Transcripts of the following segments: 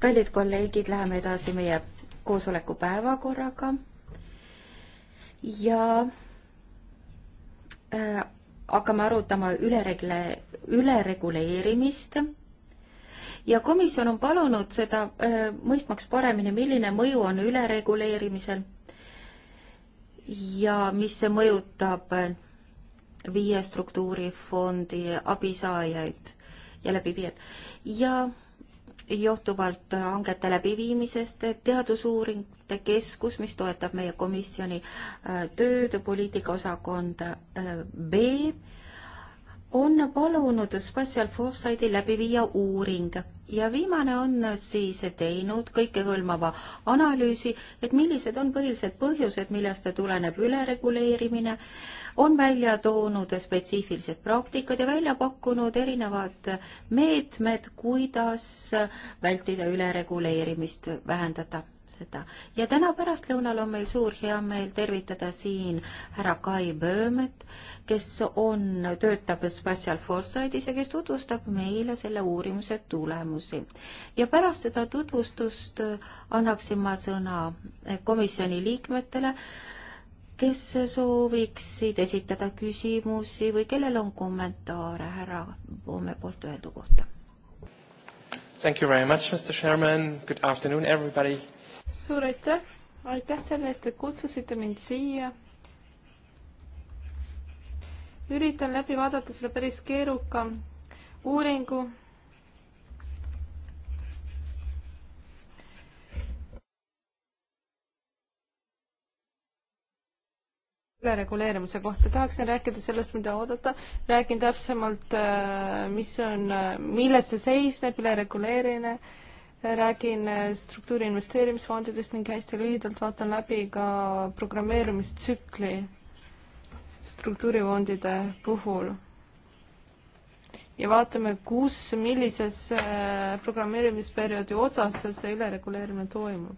kallid kolleegid, läheme edasi meie koosoleku päevakorraga ja äh, hakkame arutama üleregle, ülereguleerimist ja komisjon on palunud seda äh, mõistmaks paremini, milline mõju on ülereguleerimisel ja mis see mõjutab äh, viie struktuurifondi abisaajaid ja läbiviijad. ja johtuvalt hangete läbiviimisest Teadusuuringute Keskus, mis toetab meie komisjoni äh, tööd, poliitikaosakond äh, B, on palunud Spatial Foresighti läbi viia uuring ja viimane on siis teinud kõikehõlmava analüüsi, et millised on põhilised põhjused, millest tuleneb ülereguleerimine äh, on välja toonud spetsiifilised praktikad ja välja pakkunud erinevad meetmed, kuidas vältida ülereguleerimist, vähendada seda. ja täna pärastlõunal on meil suur heameel tervitada siin härra Kai Böömet, kes on, töötab Spatial Foresightis ja kes tutvustab meile selle uurimuse tulemusi. ja pärast seda tutvustust annaksin ma sõna komisjoni liikmetele äh, kes sooviksid esitada küsimusi või kellel on kommentaare härra Poome poolt öeldu kohta? Thank you very much, Mr Chairman, good afternoon everybody! suur aitäh, aitäh selle eest, et kutsusite mind siia. üritan läbi vaadata selle päris keeruka uuringu reguleerimise kohta tahaksin rääkida sellest, mida oodata, räägin täpsemalt, äh, mis on, äh, milles see seisneb, ülereguleerimine, räägin äh, struktuuri investeerimisfondidest ning hästi lühidalt vaatan läbi ka programmeerimistsükli struktuurifondide puhul. ja vaatame, kus, millises programmeerimisperioodi otsas see ülereguleerimine toimub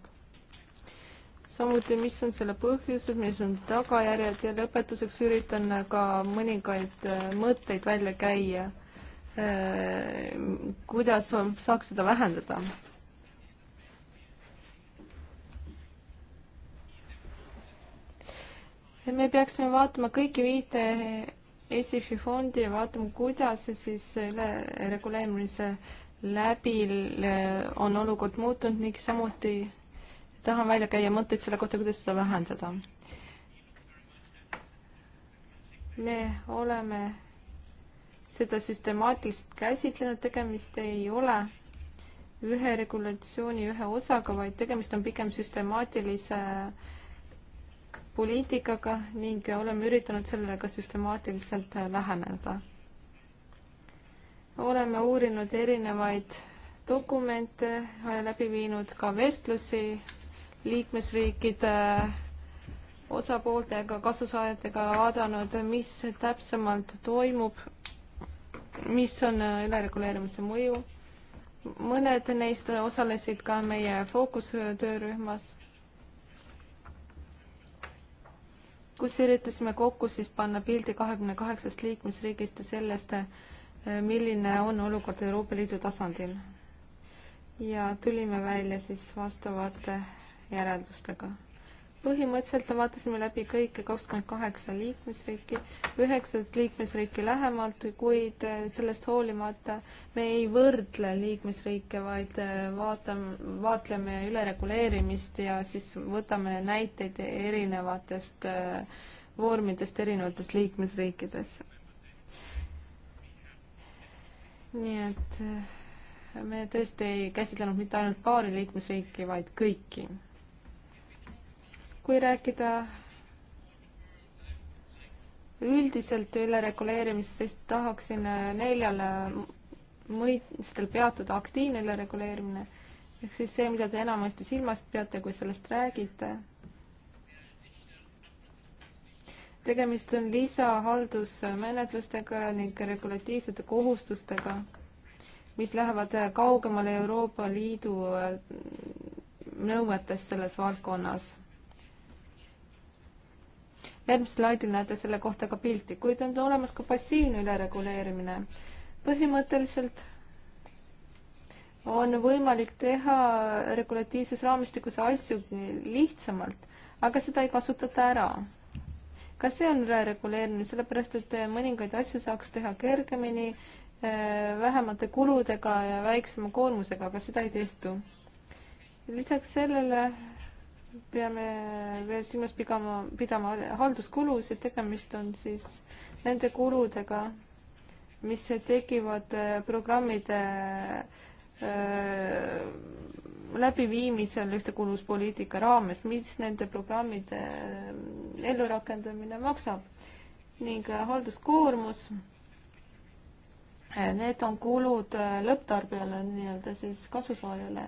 samuti, mis on selle põhjused, mis on tagajärjed ja lõpetuseks üritan ka mõningaid äh, mõtteid välja käia, äh, kuidas saaks seda vähendada. me peaksime vaatama kõiki viite ESIF-i fondi ja vaatama, kuidas siis üle äh, reguleerimise läbi on olukord muutunud ning samuti tahan välja käia mõtteid selle kohta, kuidas seda vähendada. me oleme seda süstemaatiliselt käsitlenud, tegemist ei ole ühe regulatsiooni ühe osaga, vaid tegemist on pigem süstemaatilise poliitikaga ning oleme üritanud sellele ka süstemaatiliselt läheneda. oleme uurinud erinevaid dokumente, läbi viinud ka vestlusi liikmesriikide osapooltega, kasusaajatega vaadanud, mis täpsemalt toimub, mis on ülereguleerimise mõju. mõned neist osalesid ka meie fookustöörühmas, kus üritasime kokku siis panna pildi kahekümne kaheksast liikmesriigist ja sellest, milline on olukord Euroopa Liidu tasandil. ja tulime välja siis vastavate järeldustega. põhimõtteliselt vaatasime läbi kõiki kakskümmend kaheksa liikmesriiki, üheksat liikmesriiki lähemalt, kuid eh, sellest hoolimata me ei võrdle liikmesriike, vaid eh, vaatame, vaatleme ülereguleerimist ja siis võtame näiteid erinevatest eh, vormidest erinevates liikmesriikides nii et me tõesti ei käsitlenud mitte ainult paari liikmesriiki, vaid kõiki kui rääkida üldiselt üle reguleerimisest, siis tahaksin neljal mõistel peatuda aktiivne ülereguleerimine ehk siis see, mida te enamasti silmast peate, kui sellest räägite. tegemist on lisahaldusmenetlustega ning regulatiivsete kohustustega, mis lähevad kaugemale Euroopa Liidu nõuetest selles valdkonnas järgmisel slaidil näete selle kohta ka pilti, kuid on olemas ka passiivne ülereguleerimine. põhimõtteliselt on võimalik teha regulatiivses raamistikus asju lihtsamalt, aga seda ei kasutata ära. ka see on ülereguleerimine, sellepärast et mõningaid asju saaks teha kergemini, eh, vähemate kuludega ja väiksema koormusega, aga seda ei tehtu. lisaks sellele peame veel silmas pigama, pidama halduskulusid, tegemist on siis nende kuludega, mis tekivad äh, programmide äh, läbiviimisel ühtekuuluvuspoliitika raames, mis nende programmide äh, ellurakendamine maksab ning halduskoormus. Need on kulud lõpptarbijale, nii-öelda siis kasusaajale.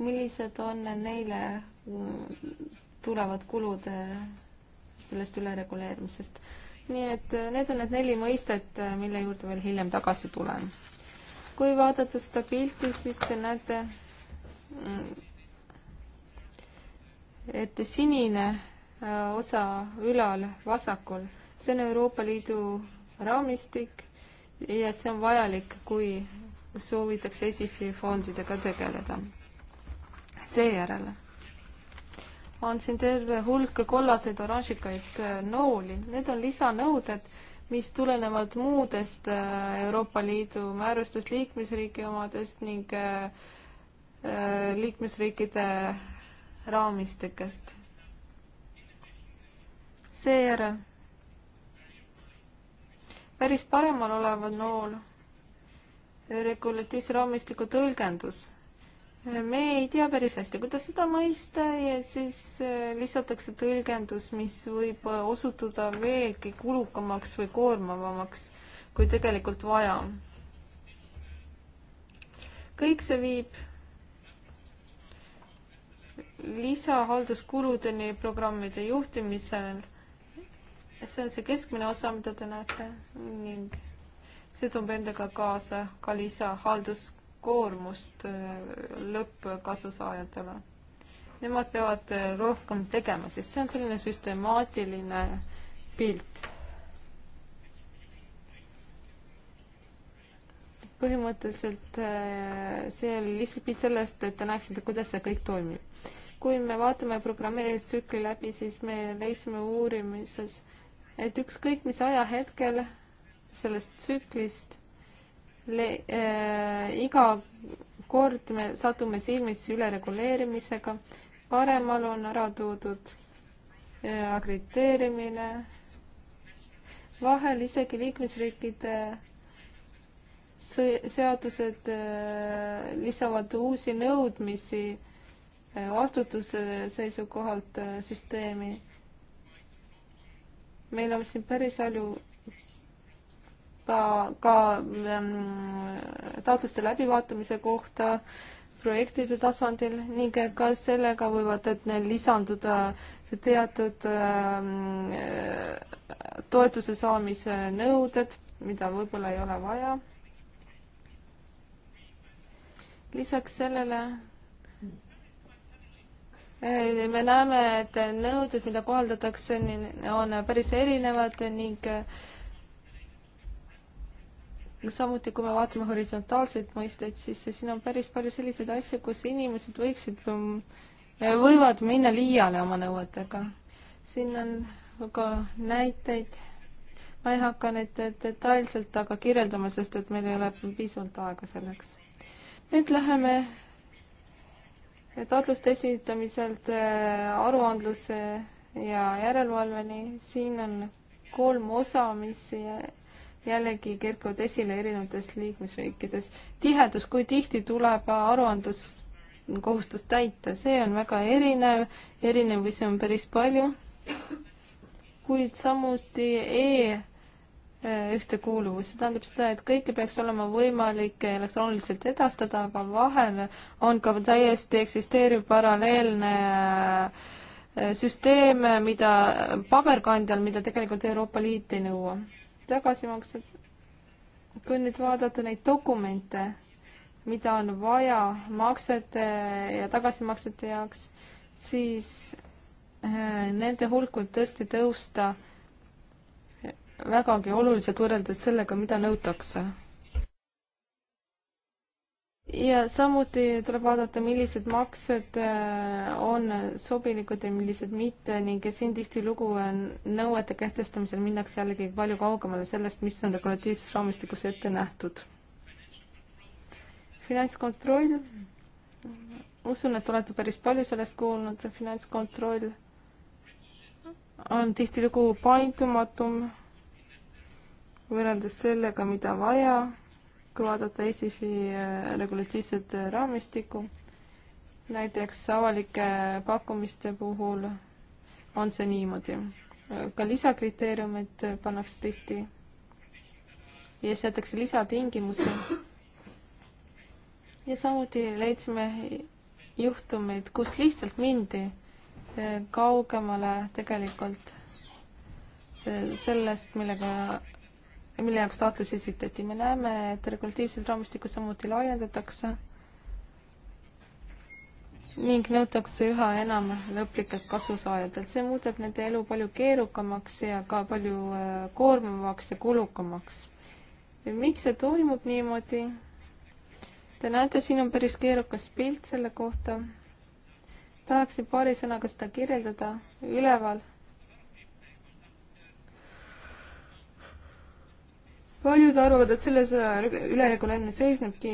millised on neile tulevad kulud eh, sellest ülereguleerimisest. nii et eh, need on need neli mõistet, eh, mille juurde veel hiljem tagasi tulen. kui vaadata seda pilti, siis te näete, mm, et sinine osa ülal vasakul, see on Euroopa Liidu raamistik ja see on vajalik, kui soovitakse ESIFi fondidega tegeleda. seejärel on siin terve hulk kollaseid oranžikaid äh, nooli. Need on lisanõuded, mis tulenevad muudest äh, Euroopa Liidu määrustest, liikmesriigi omadest ning äh, liikmesriikide raamistikest. seejärel päris paremal olev nool regulatiivse raamistiku tõlgendus me ei tea päris hästi, kuidas seda mõista ja siis äh, lisatakse tõlgendus, mis võib äh, osutuda veelgi kulukamaks või koormavamaks, kui tegelikult vaja. kõik see viib lisahalduskuludeni programmide juhtimisel. see on see keskmine osa, mida te näete ning see toob endaga kaasa ka lisahaldus koormust äh, lõppkasusaajatele. Nemad peavad äh, rohkem tegema, sest see on selline süstemaatiline pilt. põhimõtteliselt äh, see on lihtsalt pilt sellest, et te näeksite, kuidas see kõik toimib. kui me vaatame programmeerimistsükli läbi, siis me leidsime uurimises, et ükskõik mis ajahetkel sellest tsüklist le-, äh, iga kord me satume silmitsi ülereguleerimisega, paremal on ära toodud äh, akrediteerimine, vahel isegi liikmesriikide seadused äh, lisavad uusi nõudmisi äh, vastutuse seisukohalt äh, süsteemi. meil on siin päris palju ka, ka mm, taotluste läbivaatamise kohta projektide tasandil ning ka sellega võivad lisanduda teatud mm, toetuse saamise nõuded, mida võib-olla ei ole vaja. lisaks sellele eh, me näeme, et nõuded, mida kohaldatakse, on päris erinevad ning äh, samuti, kui me vaatame horisontaalseid mõisteid, siis siin on päris palju selliseid asju, kus inimesed võiksid, mm, võivad minna liiale oma nõuetega. siin on ka näiteid, ma ei hakka neid detailselt aga kirjeldama, sest et meil ei ole piisavalt aega selleks. nüüd läheme taotluste esitamiselt äh, aruandluse ja järelevalveni, siin on kolm osa, mis äh, jällegi kerkivad esile erinevates liikmesriikides. tihedus, kui tihti tuleb aruandluskohustust täita, see on väga erinev, erinevusi on päris palju, kuid samuti e, e ühtekuuluvus, see tähendab seda, et kõike peaks olema võimalik elektrooniliselt edastada, aga vahel on ka täiesti eksisteeriv paralleelne e, süsteem, mida paberkandjal, mida tegelikult Euroopa Liit ei nõua tagasimaksed, kui nüüd vaadata neid dokumente, mida on vaja maksete ja tagasimaksete jaoks, siis äh, nende hulk võib tõesti tõusta vägagi oluliselt võrreldes sellega, mida nõutakse ja samuti tuleb vaadata, millised maksed äh, on sobilikud ja millised mitte ning siin tihtilugu äh, nõuete kehtestamisel minnakse jällegi palju kaugemale sellest, mis on regulatiivses raamistikus ette nähtud. finantskontroll, usun, et olete päris palju sellest kuulnud, finantskontroll on tihtilugu paindumatum võrreldes sellega, mida vaja kui vaadata ESIFi äh, regulatiivset äh, raamistikku, näiteks avalike äh, pakkumiste puhul on see niimoodi. ka lisakriteeriumid pannakse tihti ja seatakse lisatingimusi. ja samuti leidsime juhtumeid, kus lihtsalt mindi kaugemale tegelikult sellest, millega mille jaoks taotlus esitati. me näeme, et regulatiivsed raamistikud samuti laiendatakse ning nõutakse üha enam lõplikelt kasusaajatelt. see muudab nende elu palju keerukamaks ja ka palju äh, koormavaks ja kulukamaks. miks see toimub niimoodi? Te näete, siin on päris keerukas pilt selle kohta. tahaksin paari sõnaga seda kirjeldada. üleval paljud arvavad, et selles ülereguleerimine seisnebki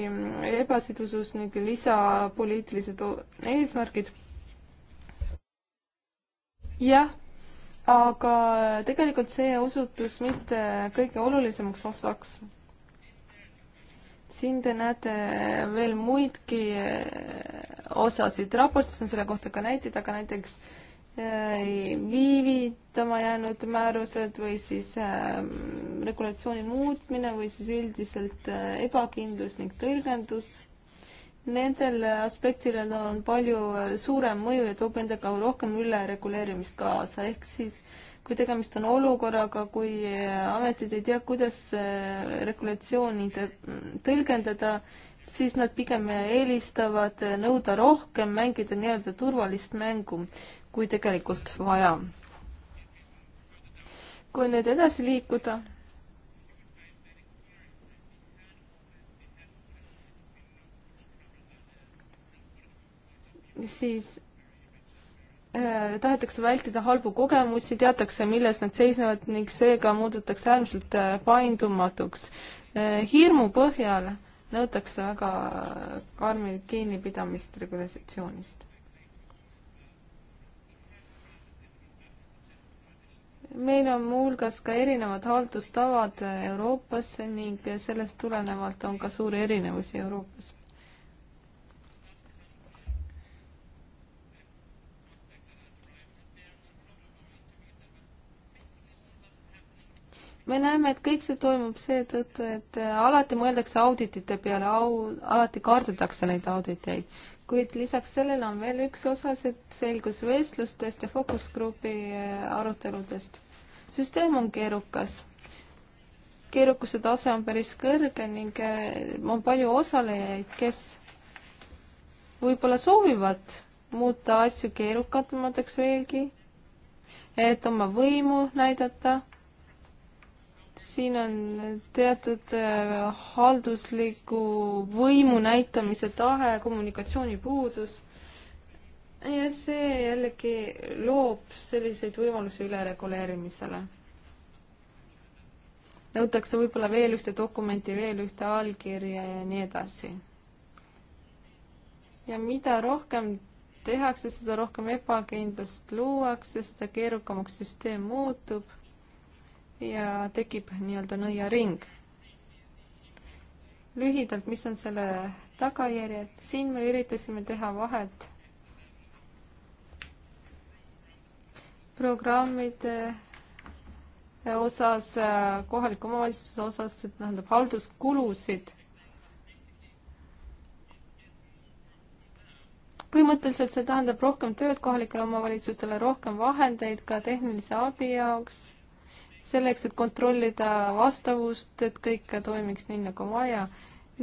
ebasidusus ning lisapoliitilised eesmärgid. jah, aga tegelikult see osutus mitte kõige olulisemaks osaks. siin te näete veel muidki eh, osasid, raportis on selle kohta ka näiteid, aga näiteks äh, viivitama jäänud määrused või siis ähm, regulatsiooni muutmine või siis üldiselt äh, ebakindlus ning tõlgendus. Nendel aspektidel on palju äh, suurem mõju ja toob endaga rohkem ülereguleerimist kaasa, ehk siis kui tegemist on olukorraga, kui äh, ametid ei tea, kuidas regulatsiooni tõlgendada, siis nad pigem eelistavad nõuda rohkem, mängida nii-öelda turvalist mängu, kui tegelikult vaja. kui nüüd edasi liikuda, siis äh, tahetakse vältida halbu kogemusi, teatakse, milles nad seisnevad ning seega muudetakse äärmiselt äh, paindumatuks äh,. hirmu põhjal nõutakse väga karmi kinnipidamist regulatsioonist. meil on muuhulgas ka erinevad haldustavad Euroopas ning sellest tulenevalt on ka suuri erinevusi Euroopas. me näeme, et kõik see toimub seetõttu, et äh, alati mõeldakse auditite peale, au, alati kardetakse neid auditeid. kuid lisaks sellele on veel üks osa, see selgus vestlustest ja fookusgrupi äh, aruteludest. süsteem on keerukas. keerukuse tase on päris kõrge ning äh, on palju osalejaid, kes võib-olla soovivad muuta asju keerukamateks veelgi, et oma võimu näidata siin on teatud äh, haldusliku võimu näitamise tahe, kommunikatsiooni puudus ja see jällegi loob selliseid võimalusi ülereguleerimisele. nõutakse võib-olla veel ühte dokumenti, veel ühte allkirja ja nii edasi. ja mida rohkem tehakse, seda rohkem ebakindlust luuakse, seda keerukamaks süsteem muutub ja tekib nii-öelda nõiaring. lühidalt, mis on selle tagajärjed, siin me üritasime teha vahet programmide osas, kohaliku omavalitsuse osas, see tähendab halduskulusid. põhimõtteliselt see tähendab rohkem tööd kohalikele omavalitsustele, rohkem vahendeid ka tehnilise abi jaoks selleks, et kontrollida vastavust, et kõik toimiks nii, nagu vaja.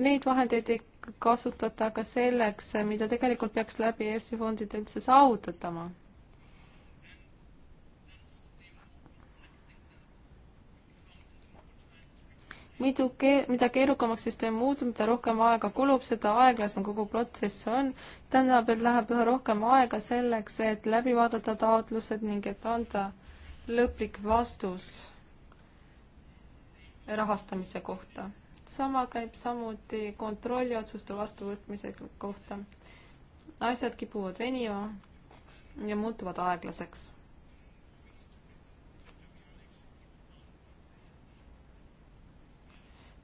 Neid vahendeid ei kasutada ka selleks, mida tegelikult peaks läbi EFSI fondide üldse saavutatama. mitu ke-, mida keerukamaks süsteem muutub, mida rohkem aega kulub, seda aeglasem kogu protsess on. tähendab, et läheb üha rohkem aega selleks, et läbi vaadata taotlused ning et anda lõplik vastus rahastamise kohta. sama käib samuti kontrolliotsuste vastuvõtmise kohta. asjad kipuvad venima ja muutuvad aeglaseks.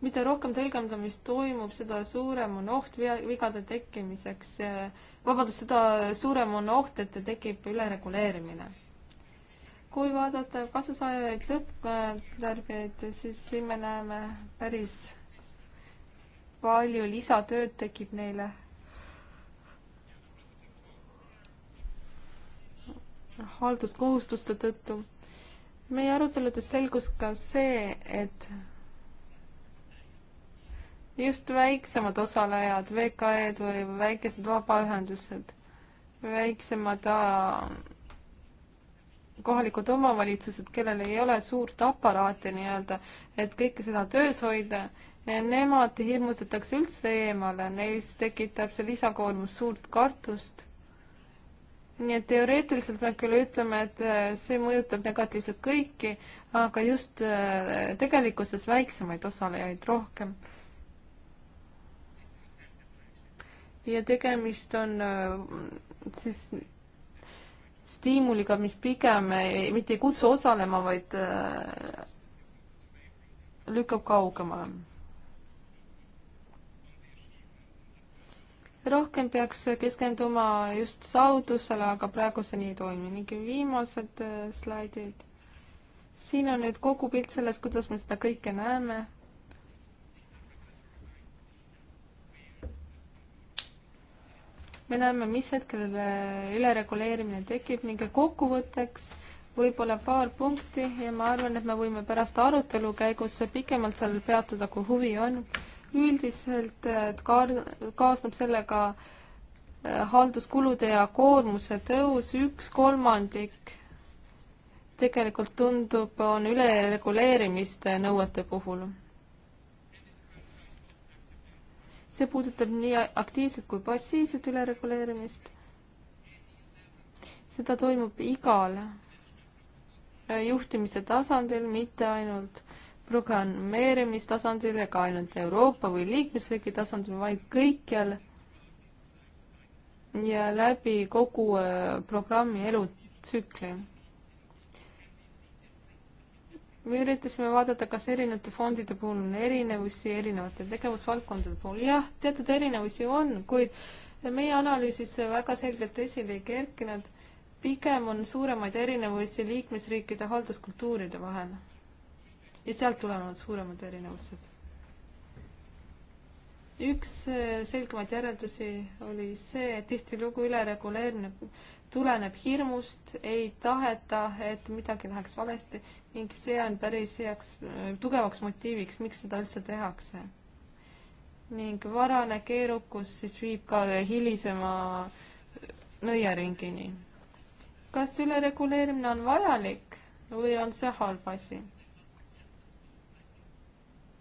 mida rohkem tõlgendamist toimub, seda suurem on oht vigade tekkimiseks, vabandust, seda suurem on oht, et tekib ülereguleerimine kui vaadata kasusaajaid lõpptarbijaid, siis siin me näeme päris palju lisatööd tekib neile. halduskohustuste tõttu. meie aruteludes selgus ka see, et just väiksemad osalejad, VKE-d või väikesed vabaühendused, väiksemad kohalikud omavalitsused, kellel ei ole suurt aparaati nii-öelda, et kõike seda töös hoida, nemad hirmutatakse üldse eemale, neis tekitab see lisakoormus suurt kartust. nii et teoreetiliselt me küll ütleme, et äh, see mõjutab negatiivselt kõiki, aga just äh, tegelikkuses väiksemaid osalejaid rohkem. ja tegemist on äh, siis stiimuliga, mis pigem ei, mitte ei kutsu osalema, vaid äh, lükkab kaugemale. rohkem peaks keskenduma just saudusele, aga praegu see nii ei toimi. ning viimased äh, slaidid. siin on nüüd kogu pilt sellest, kuidas me seda kõike näeme me näeme, mis hetkel äh, ülereguleerimine tekib ning kokkuvõtteks võib-olla paar punkti ja ma arvan, et me võime pärast arutelu käigus pikemalt sellel peatuda, kui huvi on. üldiselt äh, kaar-, kaasneb sellega äh, halduskulude ja koormuse tõus, üks kolmandik tegelikult tundub, on ülereguleerimiste nõuete puhul see puudutab nii aktiivset kui passiivset ülereguleerimist. seda toimub igal äh, juhtimise tasandil, mitte ainult programmeerimistasandil ega ainult Euroopa või liikmesriigi tasandil, vaid kõikjal ja läbi kogu äh, programmi elutsükli me üritasime vaadata, kas erinevate fondide puhul on erinevusi erinevate tegevusvaldkondade puhul. jah, teatud erinevusi on, kuid meie analüüsis see väga selgelt esile ei kerkinud. pigem on suuremaid erinevusi liikmesriikide halduskultuuride vahel. ja sealt tulenevad suuremad erinevused. üks eh, selgemaid järeldusi oli see, et tihtilugu ülereguleerimine tuleneb hirmust, ei taheta, et midagi läheks valesti ning see on päris heaks, tugevaks motiiviks, miks seda üldse tehakse. ning varane keerukus siis viib ka hilisema nõiaringini. kas ülereguleerimine on vajalik või on see halb asi?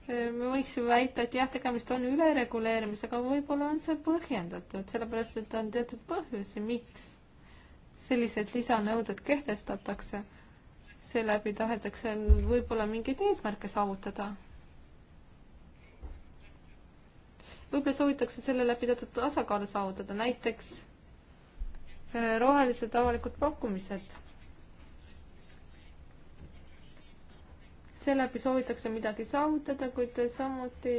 me võiks ju väita, et jah, tegemist on ülereguleerimisega, võib-olla on see põhjendatud, sellepärast et on teatud põhjusi, miks sellised lisanõuded kehtestatakse, seeläbi tahetakse võib-olla mingeid eesmärke saavutada. võib-olla soovitakse selle läbi teatud tasakaalu saavutada, näiteks äh, rohelised avalikud pakkumised. seeläbi soovitakse midagi saavutada, kuid samuti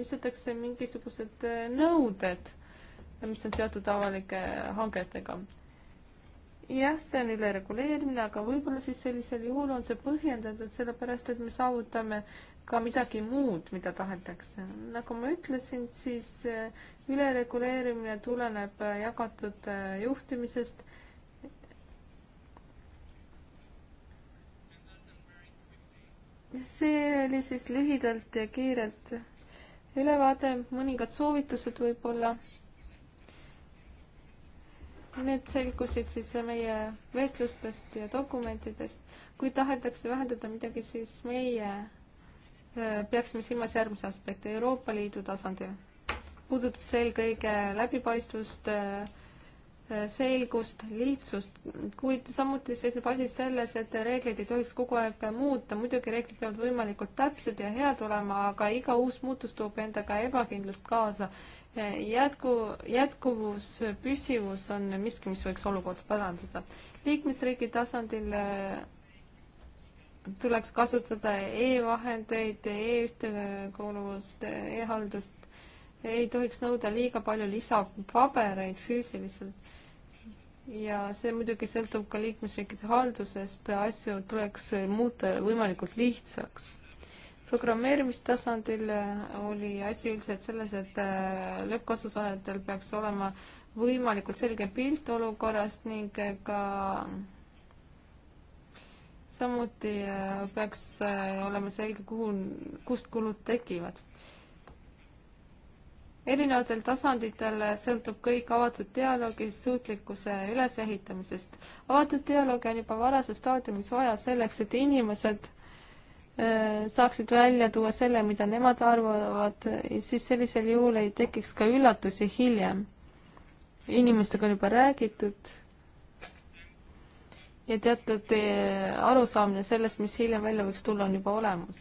lisatakse äh, mingisugused äh, nõuded, mis on seotud avalike hangetega jah, see on ülereguleerimine, aga võib-olla siis sellisel juhul on see põhjendatud sellepärast, et me saavutame ka midagi muud, mida tahetakse. nagu ma ütlesin, siis eh, ülereguleerimine tuleneb eh, jagatud eh, juhtimisest. see oli siis lühidalt ja kiirelt ülevaade, mõningad soovitused võib-olla Need selgusid siis meie vestlustest ja dokumentidest. kui tahetakse vähendada midagi, siis meie peaksime silmas järgmise aspekti Euroopa Liidu tasandil. puudutab see eelkõige läbipaistvust, selgust, lihtsust, kuid samuti seisneb asi selles, et reegleid ei tohiks kogu aeg muuta, muidugi reeglid peavad võimalikult täpsed ja head olema, aga iga uus muutus toob endaga ebakindlust kaasa jätku, jätkuvus, püsivus on miski, mis võiks olukorda parandada. liikmesriigi tasandil äh, tuleks kasutada e-vahendeid e, e-ühtekuuluvust e, e-haldust, ei tohiks nõuda liiga palju lisapabereid füüsiliselt ja see muidugi sõltub ka liikmesriikide haldusest, asju tuleks muuta võimalikult lihtsaks programmeerimistasandil äh, oli asi üldiselt selles, et äh, lõppkasusaajatel peaks olema võimalikult selge pilt olukorrast ning äh, ka samuti peaks olema selge, kuhu, kust kulud tekivad. erinevatel tasanditel sõltub kõik avatud dialoogi suutlikkuse ülesehitamisest. avatud dialoogi on juba varases staadiumis vaja selleks, et inimesed Äh, saaksid välja tuua selle, mida nemad arvavad, siis sellisel juhul ei tekiks ka üllatusi hiljem. inimestega on juba räägitud ja teatud äh, arusaamine sellest, mis hiljem välja võiks tulla, on juba olemas.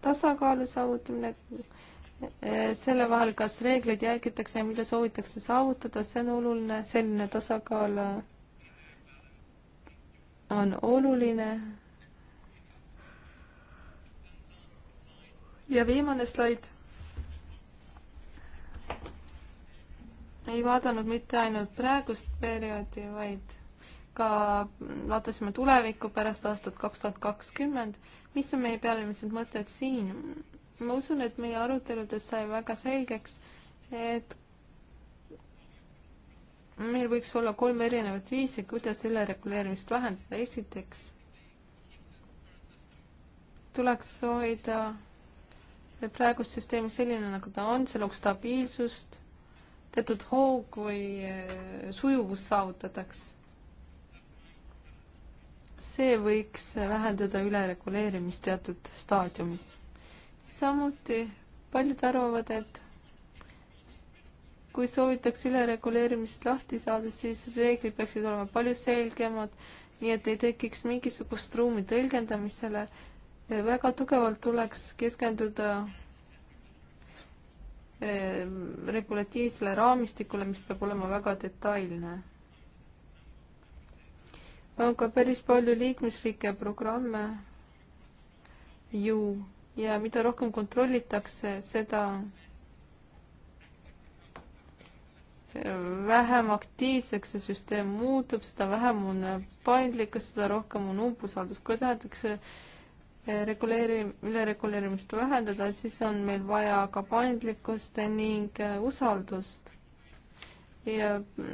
tasakaalu saavutamine äh, selle vahel, kas reegleid järgitakse ja mida soovitakse saavutada, see on oluline, selline tasakaal on oluline ja viimane slaid. ei vaadanud mitte ainult praegust perioodi, vaid ka vaatasime tulevikku pärast aastat kaks tuhat kakskümmend. mis on meie pealimised mõtted siin? ma usun, et meie aruteludes sai väga selgeks, et meil võiks olla kolm erinevat viisi, kuidas ülereguleerimist vähendada. esiteks tuleks hoida praegust süsteemi selline, nagu ta on, see loob stabiilsust, teatud hoog või eh, sujuvus saavutataks. see võiks vähendada ülereguleerimist teatud staadiumis. samuti paljud arvavad, et kui soovitakse ülereguleerimist lahti saada, siis reeglid peaksid olema palju selgemad, nii et ei tekiks mingisugust ruumi tõlgendamisele väga tugevalt tuleks keskenduda ehm, regulatiivsele raamistikule, mis peab olema väga detailne. on ka päris palju liikmesriike ja programme ju ja mida rohkem kontrollitakse, seda vähem aktiivseks see süsteem muutub, seda vähem on paindlikkus, seda rohkem on umbusaldust, kui tahetakse äh, reguleeri-, ülereguleerimist vähendada, siis on meil vaja ka paindlikkust ning äh, usaldust. ja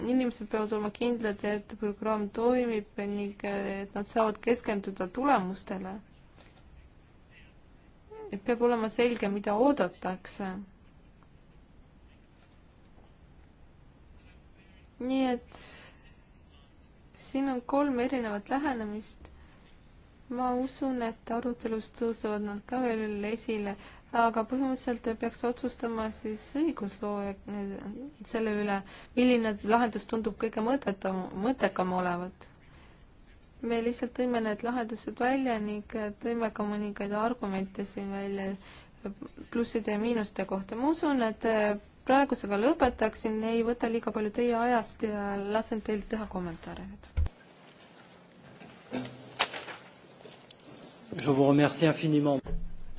inimesed peavad olema kindlad, et programm toimib ning äh, et nad saavad keskenduda tulemustele. et peab olema selge, mida oodatakse. nii et siin on kolm erinevat lähenemist ma usun, et arutelus tõusevad nad ka veel esile, aga põhimõtteliselt peaks otsustama siis õiguslooja eh, selle üle, milline lahendus tundub kõige mõttetam, mõttekam olevat. me lihtsalt tõime need lahendused välja ning tõime ka mõningaid argumente siin välja plusside ja miinuste kohta. ma usun, et praegusega lõpetaksin, ei võta liiga palju teie ajast ja lasen teil teha kommentaare nüüd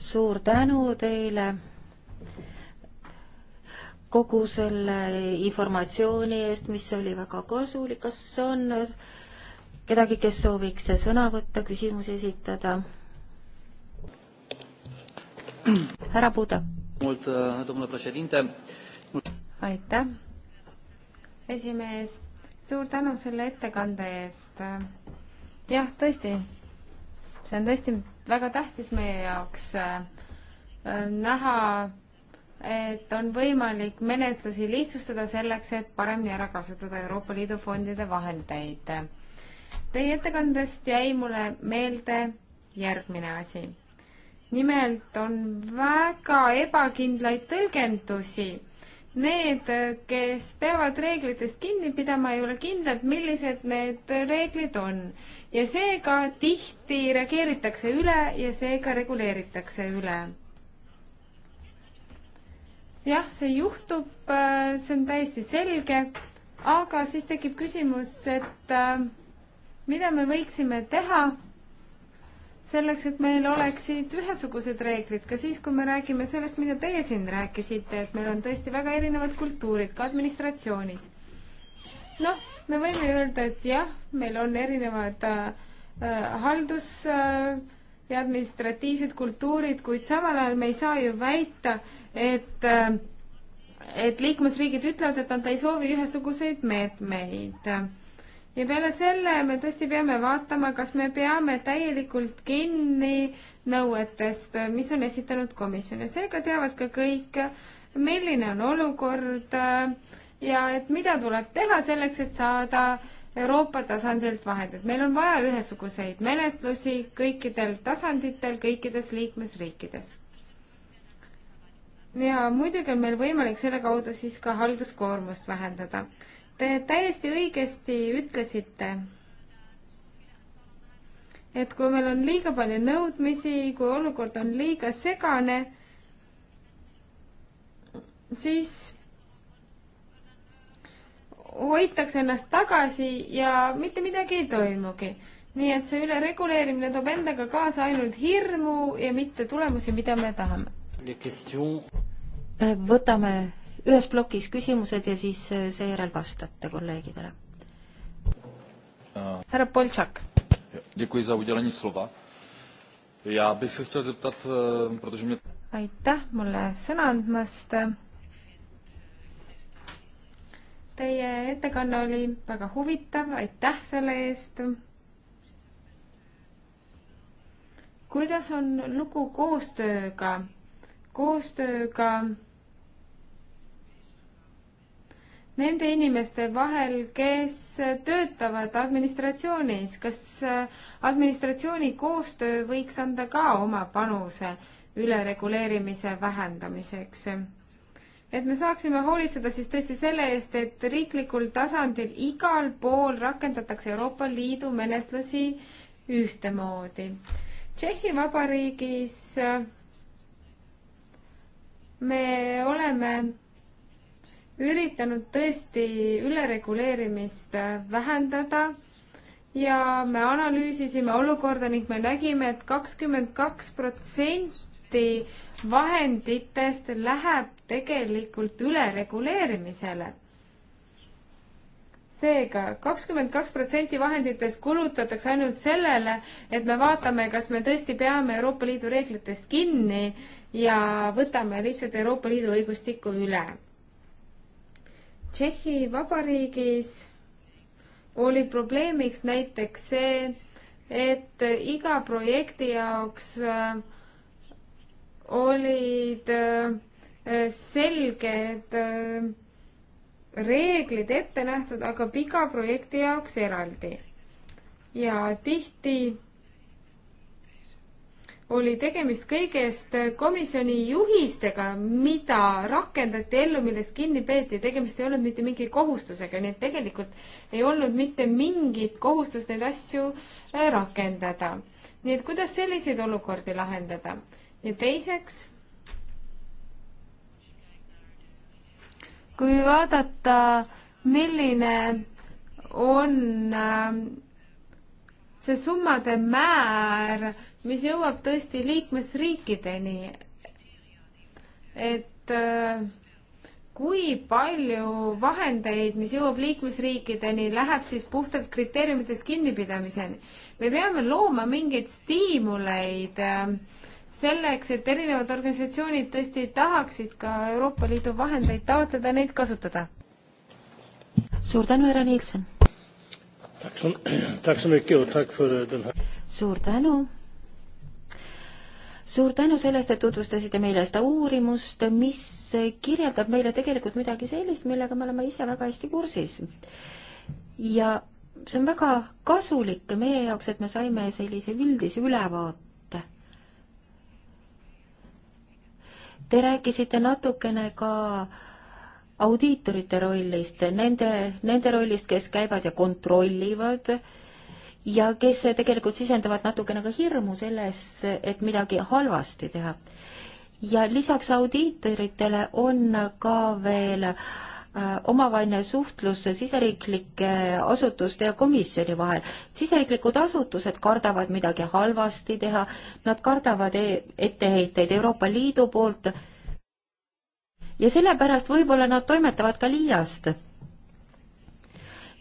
suur tänu teile kogu selle informatsiooni eest, mis oli väga kasulik. kas on kedagi, kes sooviks sõna võtta, küsimusi esitada? härra Puuda. Äh, aitäh, esimees. suur tänu selle ettekande eest. jah, tõesti see on tõesti väga tähtis meie jaoks äh, näha, et on võimalik menetlusi lihtsustada selleks, et paremini ära kasutada Euroopa Liidu fondide vahendeid. Teie ettekandest jäi mulle meelde järgmine asi. nimelt on väga ebakindlaid tõlgendusi need, kes peavad reeglitest kinni pidama, ei ole kindlad, millised need reeglid on. ja seega tihti reageeritakse üle ja seega reguleeritakse üle jah, see juhtub, see on täiesti selge, aga siis tekib küsimus, et mida me võiksime teha selleks, et meil oleksid ühesugused reeglid ka siis, kui me räägime sellest, mida teie siin rääkisite, et meil on tõesti väga erinevad kultuurid ka administratsioonis. noh, me võime öelda, et jah, meil on erinevad äh, äh, haldus äh, ja administratiivsed kultuurid, kuid samal ajal me ei saa ju väita, et äh, et liikmesriigid ütlevad, et nad ei soovi ühesuguseid meetmeid meet ja peale selle me tõesti peame vaatama, kas me peame täielikult kinni nõuetest, mis on esitanud komisjon ja seega teavad ka kõik, milline on olukord ja et mida tuleb teha selleks, et saada Euroopa tasandilt vahendeid. meil on vaja ühesuguseid menetlusi kõikidel tasanditel, kõikides liikmesriikides. ja muidugi on meil võimalik selle kaudu siis ka halduskoormust vähendada Te täiesti õigesti ütlesite, et kui meil on liiga palju nõudmisi, kui olukord on liiga segane, siis hoitakse ennast tagasi ja mitte midagi ei toimugi. nii et see ülereguleerimine toob endaga kaasa ainult hirmu ja mitte tulemusi, mida me tahame. võtame ühes plokis küsimused ja siis eh, seejärel vastate kolleegidele uh,. härra Poltšak. Eh, aitäh mulle sõna andmast. Teie ettekanne oli väga huvitav, aitäh selle eest kuidas on lugu koostööga, koostööga nende inimeste vahel, kes töötavad administratsioonis, kas äh, administratsiooni koostöö võiks anda ka oma panuse ülereguleerimise vähendamiseks? et me saaksime hoolitseda siis tõesti selle eest, et riiklikul tasandil igal pool rakendatakse Euroopa Liidu menetlusi ühtemoodi. Tšehhi Vabariigis äh, me oleme üritanud tõesti ülereguleerimist vähendada ja me analüüsisime olukorda ning me nägime et, et kakskümmend kaks protsenti vahenditest läheb tegelikult ülereguleerimisele seega kakskümmend kaks protsenti vahenditest kulutatakse ainult sellele, et me vaatame, kas me tõesti peame Euroopa Liidu reeglitest kinni ja võtame lihtsalt Euroopa Liidu õigustiku üle. Tšehhi Vabariigis oli probleemiks näiteks see, et iga projekti jaoks äh, olid äh, selged äh, reeglid ette nähtud, aga iga projekti jaoks eraldi. ja tihti oli tegemist kõigest komisjoni juhistega, mida rakendati ellu, millest kinni peeti, tegemist ei olnud mitte mingi kohustusega, nii et tegelikult ei olnud mitte mingit kohustust neid asju äh, rakendada. nii et kuidas selliseid olukordi lahendada? ja teiseks, kui vaadata, milline on äh, see summade määr, mis jõuab tõesti liikmesriikideni, et äh, kui palju vahendeid, mis jõuab liikmesriikideni, läheb siis puhtalt kriteeriumitest kinnipidamiseni. me peame looma mingeid stiimuleid äh, selleks, et erinevad organisatsioonid tõesti tahaksid ka Euroopa Liidu vahendeid taotleda, neid kasutada. suur tänu, härra Nielsen! suur tänu! suur tänu sellest, et tutvustasite meile seda uurimust, mis kirjeldab meile tegelikult midagi sellist, millega me oleme ise väga hästi kursis. ja see on väga kasulik meie jaoks, et me saime sellise üldise ülevaate Te rääkisite natukene ka audiitorite rollist, nende, nende rollist, kes käivad ja kontrollivad äh, ja kes tegelikult sisendavad natukene ka hirmu selles, et midagi halvasti teha. ja lisaks audiitoritele on ka veel äh, omavaheline suhtlus siseriiklike asutuste ja komisjoni vahel. siseriiklikud asutused kardavad midagi halvasti teha, nad kardavad e etteheiteid Euroopa Liidu poolt ja sellepärast võib-olla nad toimetavad ka liiast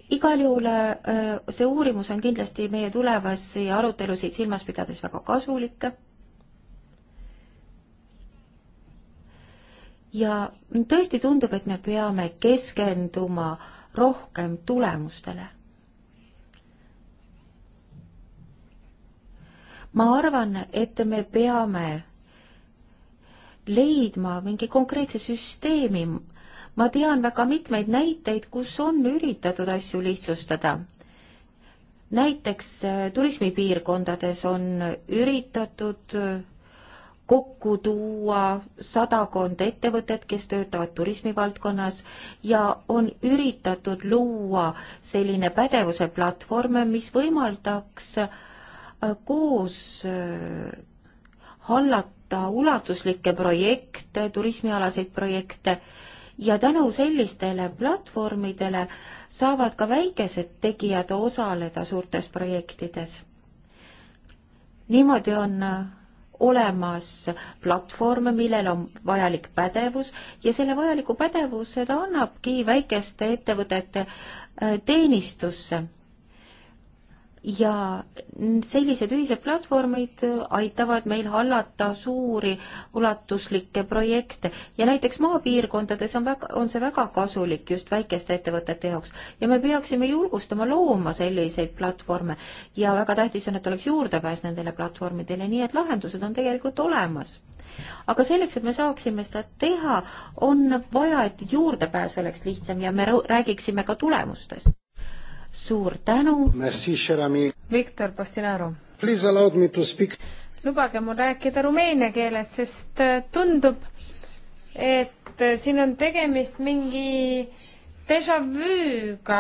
igal juhul äh, see uurimus on kindlasti meie tulevasi arutelusid silmas pidades väga kasulik. ja tõesti tundub, et me peame keskenduma rohkem tulemustele ma arvan, et me peame leidma mingi konkreetse süsteemi, ma tean väga mitmeid näiteid, kus on üritatud asju lihtsustada. näiteks äh, turismipiirkondades on üritatud äh, kokku tuua sadakond ettevõtet, kes töötavad turismivaldkonnas ja on üritatud luua selline pädevuse platvorm, mis võimaldaks äh, koos hallata ulatuslikke projekte, turismialaseid projekte ja tänu sellistele platvormidele saavad ka väikesed tegijad osaleda suurtes projektides. niimoodi on äh, olemas platvorm, millel on vajalik pädevus ja selle vajaliku pädevuse ta annabki väikeste ettevõtete äh, teenistusse ja sellised ühised platvormid aitavad meil hallata suuri ulatuslikke projekte ja näiteks maapiirkondades on väga, on see väga kasulik just väikeste ettevõtete jaoks ja me peaksime julgustama looma selliseid platvorme ja väga tähtis on, et oleks juurdepääs nendele platvormidele, nii et lahendused on tegelikult olemas aga selleks, et me saaksime seda teha, on vaja, et juurdepääs oleks lihtsam ja me räägiksime ka tulemustest suur tänu. Viktor Postinaru. lubage mul rääkida rumeenia keeles, sest äh, tundub, et äh, siin on tegemist mingi déjà vu'ga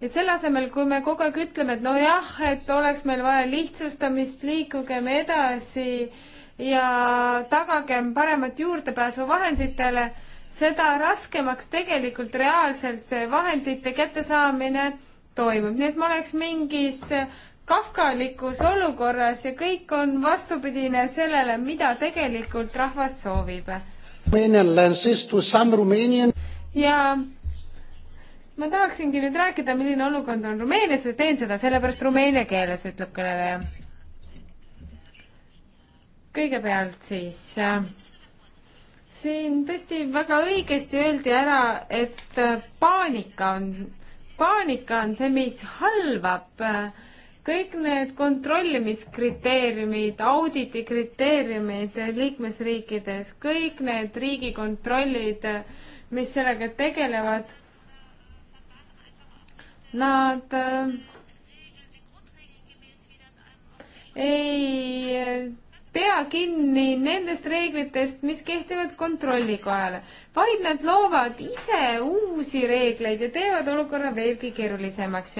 ja selle asemel, kui me kogu aeg ütleme, et nojah, et oleks meil vaja lihtsustamist, liikugem edasi ja tagagem paremat juurdepääsu vahenditele, seda raskemaks tegelikult reaalselt see vahendite kättesaamine toimub, nii et ma oleks mingis kafkalikus olukorras ja kõik on vastupidine sellele, mida tegelikult rahvas soovib. ja ma tahaksingi nüüd rääkida, milline olukord on Rumeenias ja teen seda sellepärast rumeenia keeles, ütleb kõneleja. kõigepealt siis äh, siin tõesti väga õigesti öeldi ära, et äh, paanika on, paanika on see, mis halvab äh, kõik need kontrollimiskriteeriumid, auditi kriteeriumid liikmesriikides, kõik need riigikontrollid, mis sellega tegelevad, nad äh, ei pea kinni nendest reeglitest, mis kehtivad kontrollikojale, vaid nad loovad ise uusi reegleid ja teevad olukorra veelgi keerulisemaks.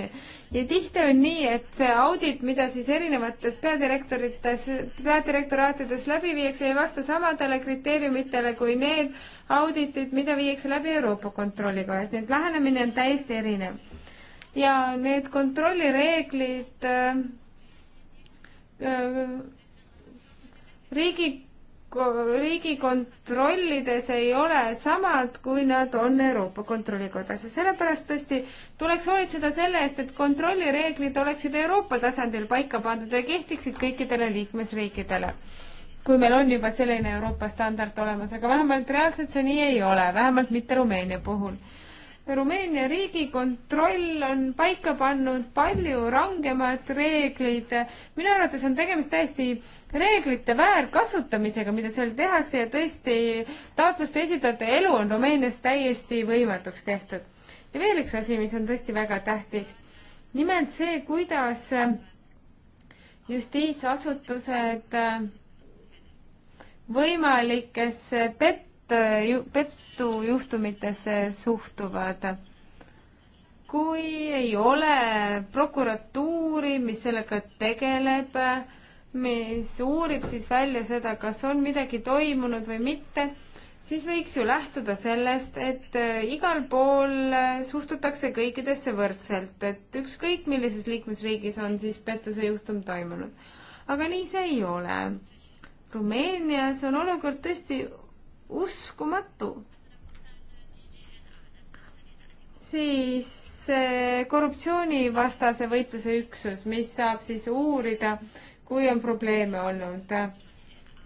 ja tihti on nii, et see audit, mida siis erinevates peadirektorites, peadirektoraatides läbi viiakse, ei vasta samadele kriteeriumitele kui need auditid, mida viiakse läbi Euroopa Kontrollikojas, nii et lähenemine on täiesti erinev. ja need kontrollireeglid öö, äh, öö, äh, riigi, riigikontrollides ei ole samad, kui nad on Euroopa Kontrollikodas ja sellepärast tõesti tuleks hoolitseda selle eest, et kontrollireeglid oleksid Euroopa tasandil paika pandud ja kehtiksid kõikidele liikmesriikidele kui meil on juba selline Euroopa standard olemas, aga vähemalt reaalselt see nii ei ole, vähemalt mitte Rumeenia puhul Rumeenia riigikontroll on paika pannud palju rangemad reeglid. minu arvates on tegemist täiesti reeglite väärkasutamisega, mida seal tehakse ja tõesti taotluste esitajate elu on Rumeenias täiesti võimatuks tehtud. ja veel üks asi, mis on tõesti väga tähtis. nimelt see, kuidas justiitsasutused võimalikesse pettustesse Äh, pettujuhtumitesse suhtuvad. kui ei ole prokuratuuri, mis sellega tegeleb, mis uurib siis välja seda, kas on midagi toimunud või mitte, siis võiks ju lähtuda sellest, et äh, igal pool äh, suhtutakse kõikidesse võrdselt, et ükskõik millises liikmesriigis on siis pettuse juhtum toimunud. aga nii see ei ole. Rumeenias on olukord tõesti uskumatu. siis korruptsioonivastase võitluse üksus, mis saab siis uurida, kui on probleeme olnud.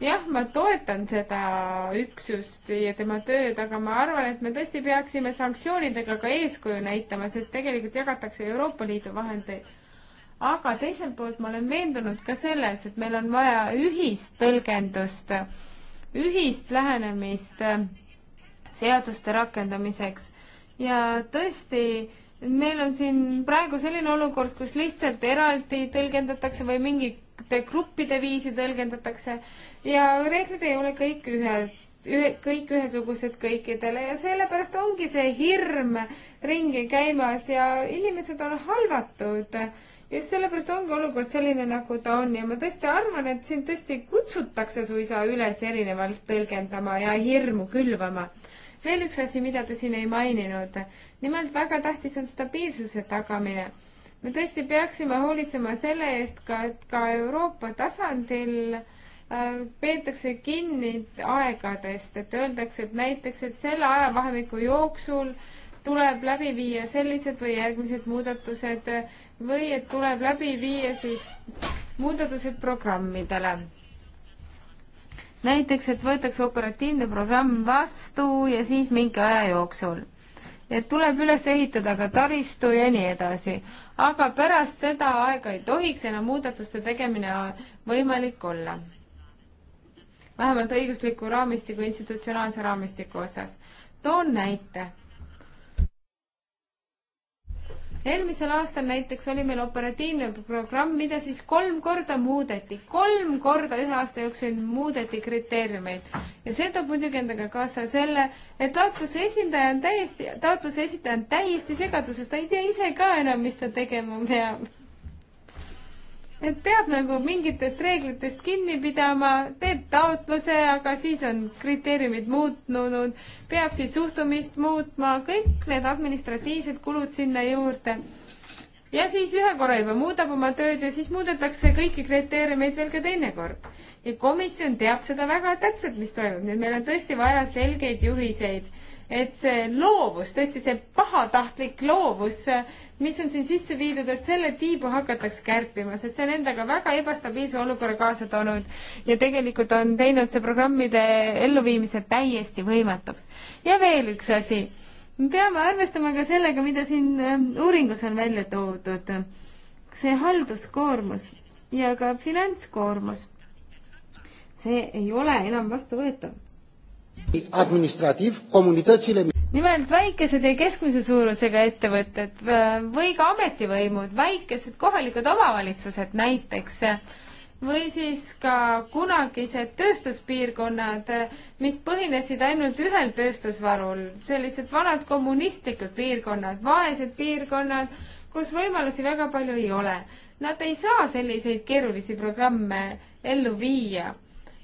jah, ma toetan seda üksust ja tema tööd, aga ma arvan, et me tõesti peaksime sanktsioonidega ka eeskuju näitama, sest tegelikult jagatakse Euroopa Liidu vahendeid. aga teiselt poolt ma olen veendunud ka selles, et meil on vaja ühist tõlgendust ühist lähenemist seaduste rakendamiseks ja tõesti, meil on siin praegu selline olukord, kus lihtsalt eraldi tõlgendatakse või mingite gruppide viisi tõlgendatakse ja reeglid ei ole kõik ühes, ühe, kõik ühesugused kõikidele ja sellepärast ongi see hirm ringi käimas ja inimesed on halvatud äh, just sellepärast ongi olukord selline, nagu ta on ja ma tõesti arvan, et sind tõesti kutsutakse suisa üles erinevalt tõlgendama ja hirmu külvama. veel üks asi, mida te siin ei maininud. nimelt väga tähtis on stabiilsuse tagamine. me tõesti peaksime hoolitsema selle eest ka, et ka Euroopa tasandil äh, peetakse kinni aegadest, et öeldakse, et näiteks, et selle ajavahemiku jooksul tuleb läbi viia sellised või järgmised muudatused või et tuleb läbi viia siis muudatused programmidele. näiteks, et võetakse operatiivne programm vastu ja siis mingi aja jooksul. et tuleb üles ehitada ka taristu ja nii edasi. aga pärast seda aega ei tohiks enam muudatuste tegemine võimalik olla. vähemalt õigusliku raamistiku, institutsionaalse raamistiku osas. toon näite eelmisel aastal näiteks oli meil operatiivne programm, mida siis kolm korda muudeti, kolm korda ühe aasta jooksul muudeti kriteeriumeid ja see toob muidugi endaga kaasa selle, et taotluse esindaja on täiesti, taotluse esitaja on täiesti segaduses, ta ei tea ise ka enam, mis ta tegema peab et peab nagu mingitest reeglitest kinni pidama, teeb taotluse, aga siis on kriteeriumid muutunud, peab siis suhtumist muutma, kõik need administratiivsed kulud sinna juurde. ja siis ühe korra juba muudab oma tööd ja siis muudetakse kõiki kriteeriumeid veel ka teinekord. ja komisjon teab seda väga täpselt, mis toimub, nii et meil on tõesti vaja selgeid juhiseid et see loovus, tõesti see pahatahtlik loovus, mis on siin sisse viidud, et selle tiibu hakataks kärpima, sest see on endaga väga ebastabiilse olukorra kaasa toonud ja tegelikult on teinud see programmide elluviimise täiesti võimatuks. ja veel üks asi, me peame arvestama ka sellega, mida siin ähm, uuringus on välja toodud, see halduskoormus ja ka finantskoormus see ei ole enam vastuvõetav administratiiv, kommunitatsile. nimelt väikesed ja keskmise suurusega ettevõtted või ka ametivõimud, väikesed kohalikud omavalitsused näiteks või siis ka kunagised tööstuspiirkonnad, mis põhinesid ainult ühel tööstusvarul, sellised vanad kommunistlikud piirkonnad, vaesed piirkonnad, kus võimalusi väga palju ei ole. Nad ei saa selliseid keerulisi programme ellu viia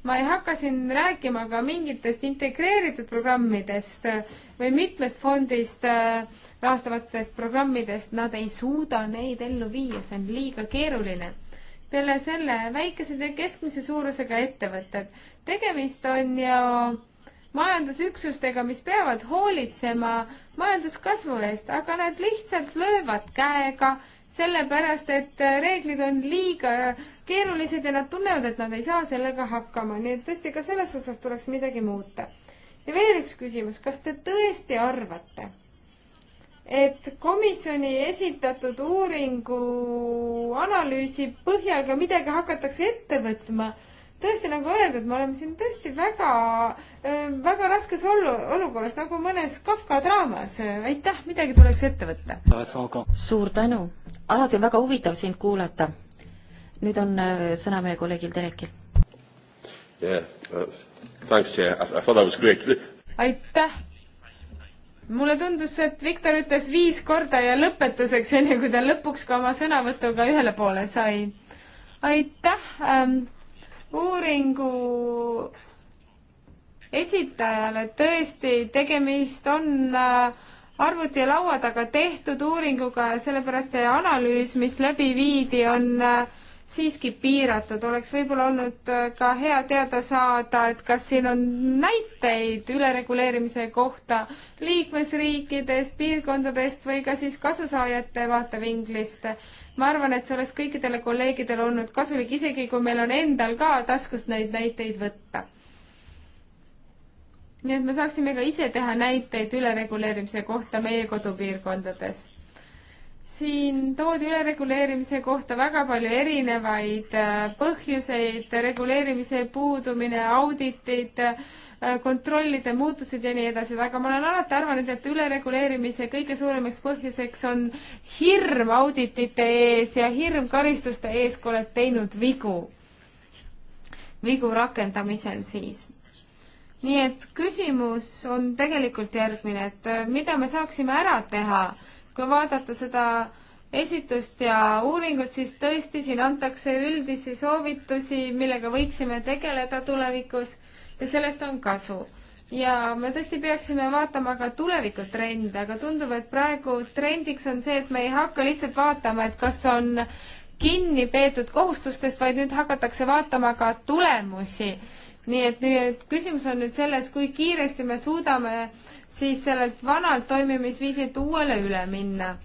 ma ei hakka siin rääkima ka mingitest integreeritud programmidest või mitmest fondist äh, rahastavatest programmidest, nad ei suuda neid ellu viia, see on liiga keeruline. peale selle väikesed ja keskmise suurusega ettevõtted, tegemist on ju majandusüksustega, mis peavad hoolitsema majanduskasvu eest, aga nad lihtsalt löövad käega sellepärast, et äh, reeglid on liiga keerulised ja nad tunnevad, et nad ei saa sellega hakkama, nii et tõesti ka selles osas tuleks midagi muuta. ja veel üks küsimus, kas te tõesti arvate, et komisjoni esitatud uuringu analüüsi põhjal ka midagi hakatakse ette võtma tõesti, nagu öeldud, me oleme siin tõesti väga, äh, väga raskes olu-, olukorras, nagu mõnes Kafka draamas. aitäh, midagi tuleks ette võtta. suur tänu, alati on väga huvitav sind kuulata. nüüd on äh, sõna meie kolleegil Terekil. Uh, aitäh mulle tundus, et Viktor ütles viis korda ja lõpetuseks, enne kui ta lõpuks ka oma sõnavõtuga ühele poole sai. aitäh ähm, uuringu esitajale, tõesti, tegemist on äh, arvuti ja laua taga tehtud uuringuga, sellepärast see analüüs, mis läbi viidi, on äh, siiski piiratud, oleks võib-olla olnud äh, ka hea teada saada, et kas siin on näiteid ülereguleerimise kohta liikmesriikidest, piirkondadest või ka siis kasusaajate vaatevinklist. ma arvan, et see oleks kõikidele kolleegidele olnud kasulik, isegi kui meil on endal ka taskust neid näiteid võtta. nii et me saaksime ka ise teha näiteid ülereguleerimise kohta meie kodupiirkondades siin toodi ülereguleerimise kohta väga palju erinevaid äh, põhjuseid, reguleerimise puudumine, auditid, äh, kontrollide muutused ja nii edasi, aga ma olen alati arvanud, et ülereguleerimise kõige suuremaks põhjuseks on hirm auditite ees ja hirm karistuste ees, kui oled teinud vigu, vigu rakendamisel siis nii et küsimus on tegelikult järgmine, et äh, mida me saaksime ära teha kui vaadata seda esitust ja uuringut, siis tõesti siin antakse üldisi soovitusi, millega võiksime tegeleda tulevikus ja sellest on kasu. ja me tõesti peaksime vaatama ka tulevikutrende, aga tundub, et praegu trendiks on see, et me ei hakka lihtsalt vaatama, et kas on kinni peetud kohustustest, vaid nüüd hakatakse vaatama ka tulemusi. nii et nüüd küsimus on nüüd selles, kui kiiresti me suudame siis sellelt vanalt toimimisviisilt uuele üle minna.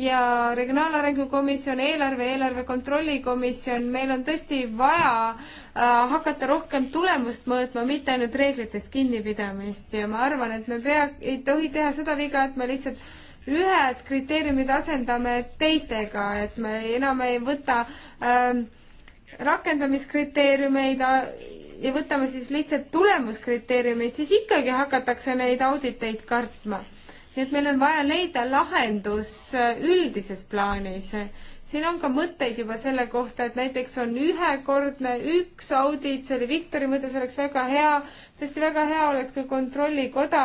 ja Regionaalarengu Komisjon, eelarve, eelarve kontrolli komisjon, meil on tõesti vaja äh, hakata rohkem tulemust mõõtma, mitte ainult reeglitest kinnipidamist ja ma arvan, et me pea, ei tohi teha seda viga, et me lihtsalt ühed kriteeriumid asendame teistega, et me enam ei võta ähm, rakendamiskriteeriumeid ja võtame siis lihtsalt tulemuskriteeriumid, siis ikkagi hakatakse neid auditeid kartma. nii et meil on vaja leida lahendus äh, üldises plaanis. siin on ka mõtteid juba selle kohta, et näiteks on ühekordne üks audit, see oli Viktori mõte, see oleks väga hea, tõesti väga hea oleks, kui Kontrollikoda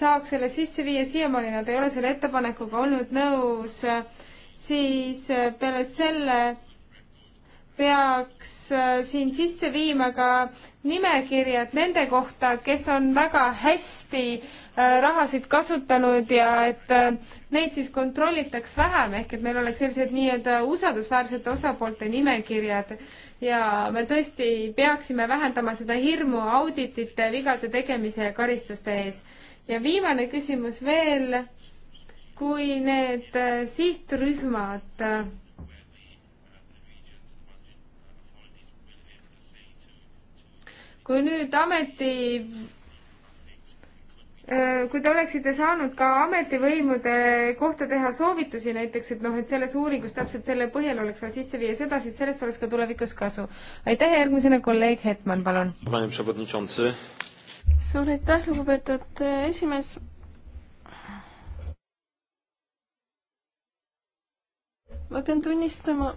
saaks selle sisse viia, siiamaani nad ei ole selle ettepanekuga olnud nõus, siis äh, peale selle peaks äh, siin sisse viima ka nimekirjad nende kohta, kes on väga hästi äh, rahasid kasutanud ja et äh, neid siis kontrollitaks vähem, ehk et meil oleks sellised nii-öelda usaldusväärsete osapoolte nimekirjad ja me tõesti peaksime vähendama seda hirmu auditite, vigade tegemise ja karistuste ees. ja viimane küsimus veel, kui need sihtrühmad kui nüüd ameti äh, kui te oleksite saanud ka ametivõimude kohta teha soovitusi näiteks, et noh, et selles uuringus täpselt selle põhjal oleks vaja sisse viia seda, siis sellest oleks ka tulevikus kasu. aitäh, järgmisena kolleeg Hetman, palun. suur aitäh, lugupeetud äh, esimees. ma pean tunnistama,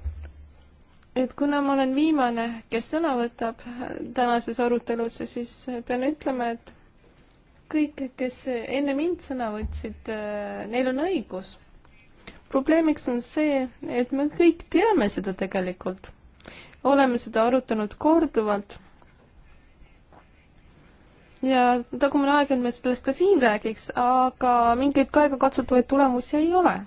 et kuna ma olen viimane, kes sõna võtab äh, tänases arutelus, siis äh, pean ütlema, et kõik, kes äh, enne mind sõna võtsid, neil on õigus. probleemiks on see, et me kõik teame seda tegelikult. oleme seda arutanud korduvalt. ja tagumine aeg, et me sellest ka siin räägiks, aga mingeid käegakatsutavaid tulemusi ei ole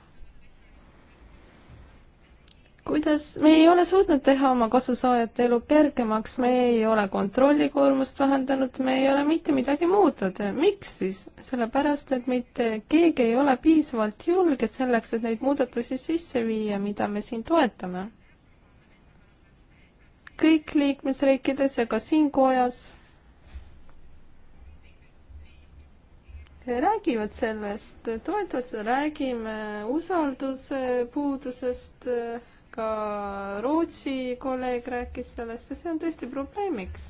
kuidas, me ei ole suutnud teha oma kasusaajate elu kergemaks, me ei ole kontrollikoormust vähendanud, me ei ole mitte midagi muutnud. miks siis? sellepärast, et mitte keegi ei ole piisavalt julge selleks, et neid muudatusi sisse viia, mida me siin toetame. kõik liikmesriikides ja ka siin kojas räägivad sellest, toetavad seda, räägime usalduse puudusest ka Rootsi kolleeg rääkis sellest ja see on tõesti probleemiks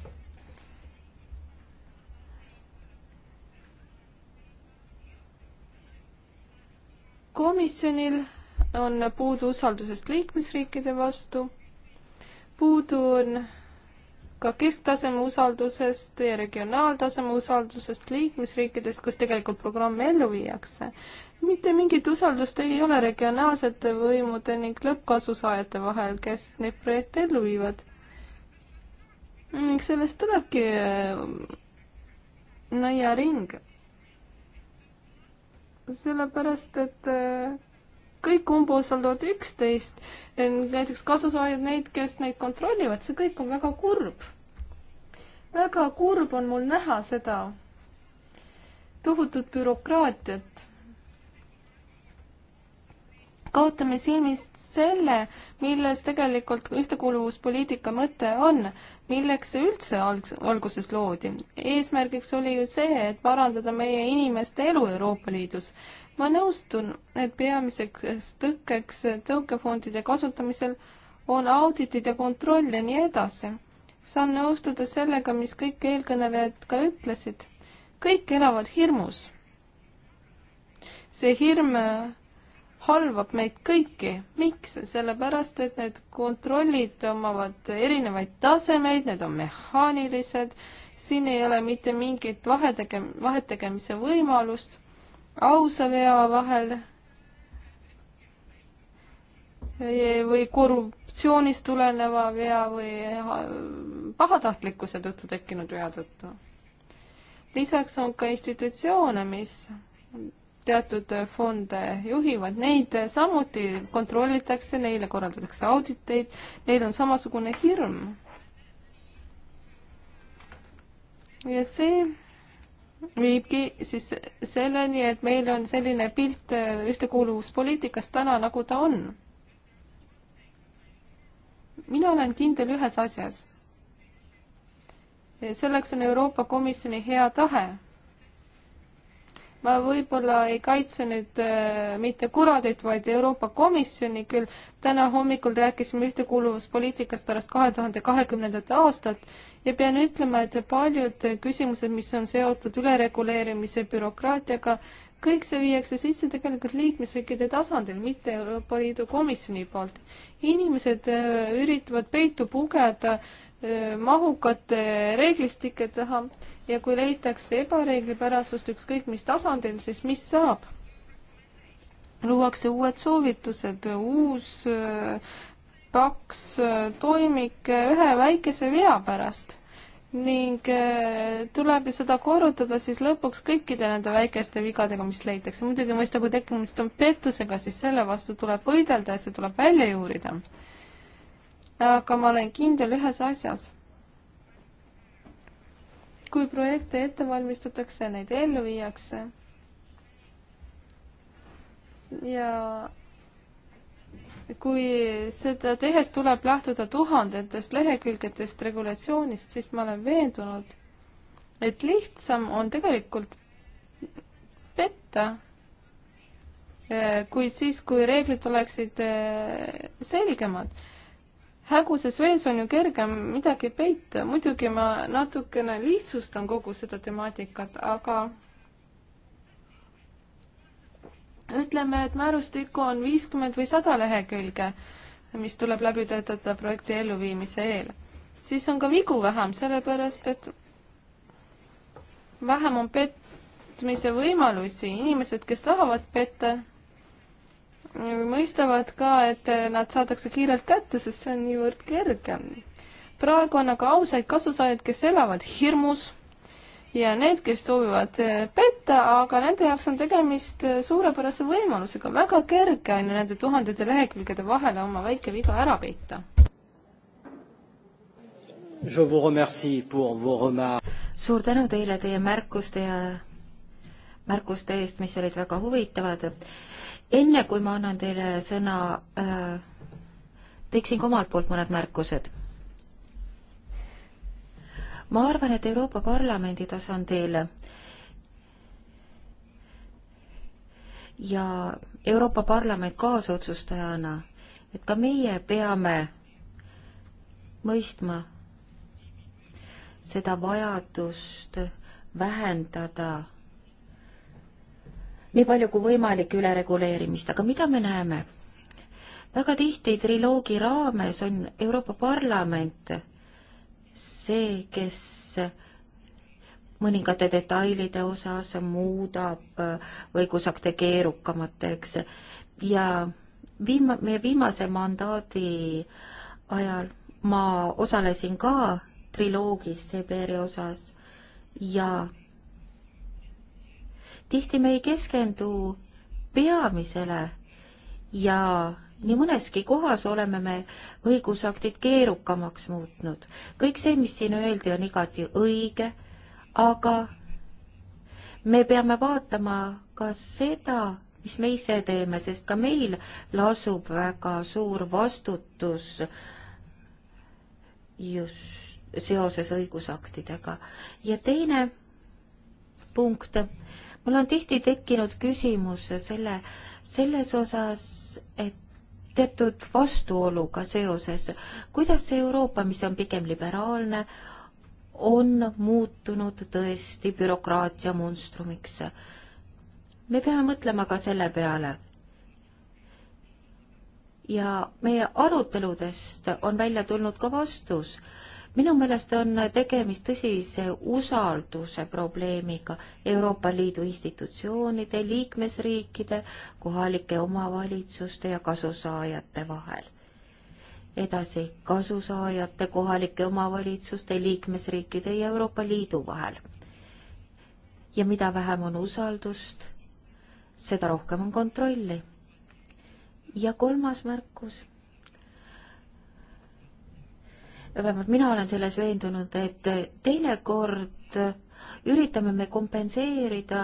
komisjonil on puudu usaldusest liikmesriikide vastu, puudu on ka kesktaseme usaldusest ja regionaaltaseme usaldusest liikmesriikidest, kus tegelikult programme ellu viiakse mitte mingit usaldust ei ole regionaalsete võimude ning lõppkasusaajate vahel, kes neid projekte ellu viivad. ning sellest tulebki äh, nõiaring. sellepärast, et äh, kõik umbusaldavad üksteist, näiteks kasusaajad, neid, kes neid kontrollivad, see kõik on väga kurb. väga kurb on mul näha seda tohutut bürokraatiat kaotame silmist selle, milles tegelikult ühtekuuluvuspoliitika mõte on, milleks see üldse alg-, alguses loodi. eesmärgiks oli ju see, et parandada meie inimeste elu Euroopa Liidus. ma nõustun, et peamiseks tõkkeks tõukefondide kasutamisel on auditid ja kontroll ja nii edasi. saan nõustuda sellega, mis kõik eelkõnelejad ka ütlesid. kõik elavad hirmus. see hirm halvab meid kõiki. miks? sellepärast, et need kontrollid omavad erinevaid tasemeid, need on mehaanilised, siin ei ole mitte mingit vahetege-, vahetegemise võimalust ausa vea vahel või korruptsioonist tuleneva vea või pahatahtlikkuse tõttu tekkinud vea tõttu. lisaks on ka institutsioone, mis teatud fonde juhivad, neid samuti kontrollitakse, neile korraldatakse auditeid, neil on samasugune hirm. ja see viibki siis selleni, et meil on selline pilt ühtekuuluvuspoliitikast täna, nagu ta on. mina olen kindel ühes asjas. selleks on Euroopa Komisjoni hea tahe ma võib-olla ei kaitse nüüd äh, mitte kuradit, vaid Euroopa Komisjoni küll. täna hommikul rääkisime ühtekuuluvuspoliitikast pärast kahe tuhande kahekümnendat aastat ja pean ütlema, et paljud küsimused, mis on seotud ülereguleerimise bürokraatiaga, kõik see viiakse sisse tegelikult liikmesriikide tasandil, mitte Euroopa Liidu Komisjoni poolt. inimesed äh, üritavad peitu pugeda äh, mahukate reeglistike taha ja kui leitakse ebareeglipärasust ükskõik mis tasandil, siis mis saab? luuakse uued soovitused, uus paks toimik ühe väikese vea pärast ning tuleb ju seda korrutada siis lõpuks kõikide nende väikeste vigadega, mis leitakse. muidugi mõista, kui tegemist on pettusega, siis selle vastu tuleb võidelda ja see tuleb välja juurida aga ma olen kindel ühes asjas. kui projekte ette valmistatakse, neid ellu viiakse ja kui seda tehes tuleb lähtuda tuhandetest lehekülgedest regulatsioonist, siis ma olen veendunud, et lihtsam on tegelikult petta, eh, kui siis, kui reeglid oleksid eh, selgemad häguses vees on ju kergem midagi peita, muidugi ma natukene lihtsustan kogu seda temaatikat, aga ütleme, et määrustikku on viiskümmend või sada lehekülge, mis tuleb läbi töötada projekti elluviimise eel. siis on ka vigu vähem, sellepärast et vähem on petmise võimalusi, inimesed, kes tahavad petta, mõistavad ka, et nad saadakse kiirelt kätte, sest see on niivõrd kerge. praegu on aga ausaid kasusaajaid, kes elavad hirmus ja need, kes soovivad eh, petta, aga nende jaoks on tegemist eh, suurepärase võimalusega, väga kerge on ju nende tuhandete lehekülgede vahele oma väike viga ära peita. suur tänu teile teie märkuste ja märkuste eest, mis olid väga huvitavad enne kui ma annan teile sõna, äh, teeksin ka omalt poolt mõned märkused. ma arvan, et Euroopa Parlamendi tasandil ja Euroopa Parlament kaasotsustajana, et ka meie peame mõistma seda vajadust vähendada nii palju kui võimalik ülereguleerimist, aga mida me näeme? väga tihti triloogi raames on Euroopa Parlament see, kes mõningate detailide osas muudab õigusakte keerukamateks ja viima-, meie viimase mandaadi ajal ma osalesin ka triloogis Siberi osas ja tihti me ei keskendu peamisele ja nii mõneski kohas oleme me õigusaktid keerukamaks muutnud. kõik see, mis siin öeldi, on igati õige, aga me peame vaatama ka seda, mis me ise teeme, sest ka meil lasub väga suur vastutus just seoses õigusaktidega. ja teine punkt mul on tihti tekkinud küsimus selle, selles osas, et teatud vastuoluga seoses, kuidas see Euroopa, mis on pigem liberaalne, on muutunud tõesti bürokraatia monstrumiks. me peame mõtlema ka selle peale. ja meie aruteludest on välja tulnud ka vastus minu meelest on tegemist tõsise usalduse probleemiga Euroopa Liidu institutsioonide, liikmesriikide, kohalike omavalitsuste ja kasusaajate vahel. edasi, kasusaajate, kohalike omavalitsuste, liikmesriikide ja Euroopa Liidu vahel. ja mida vähem on usaldust, seda rohkem on kontrolli. ja kolmas märkus vähemalt mina olen selles veendunud, et teinekord üritame me kompenseerida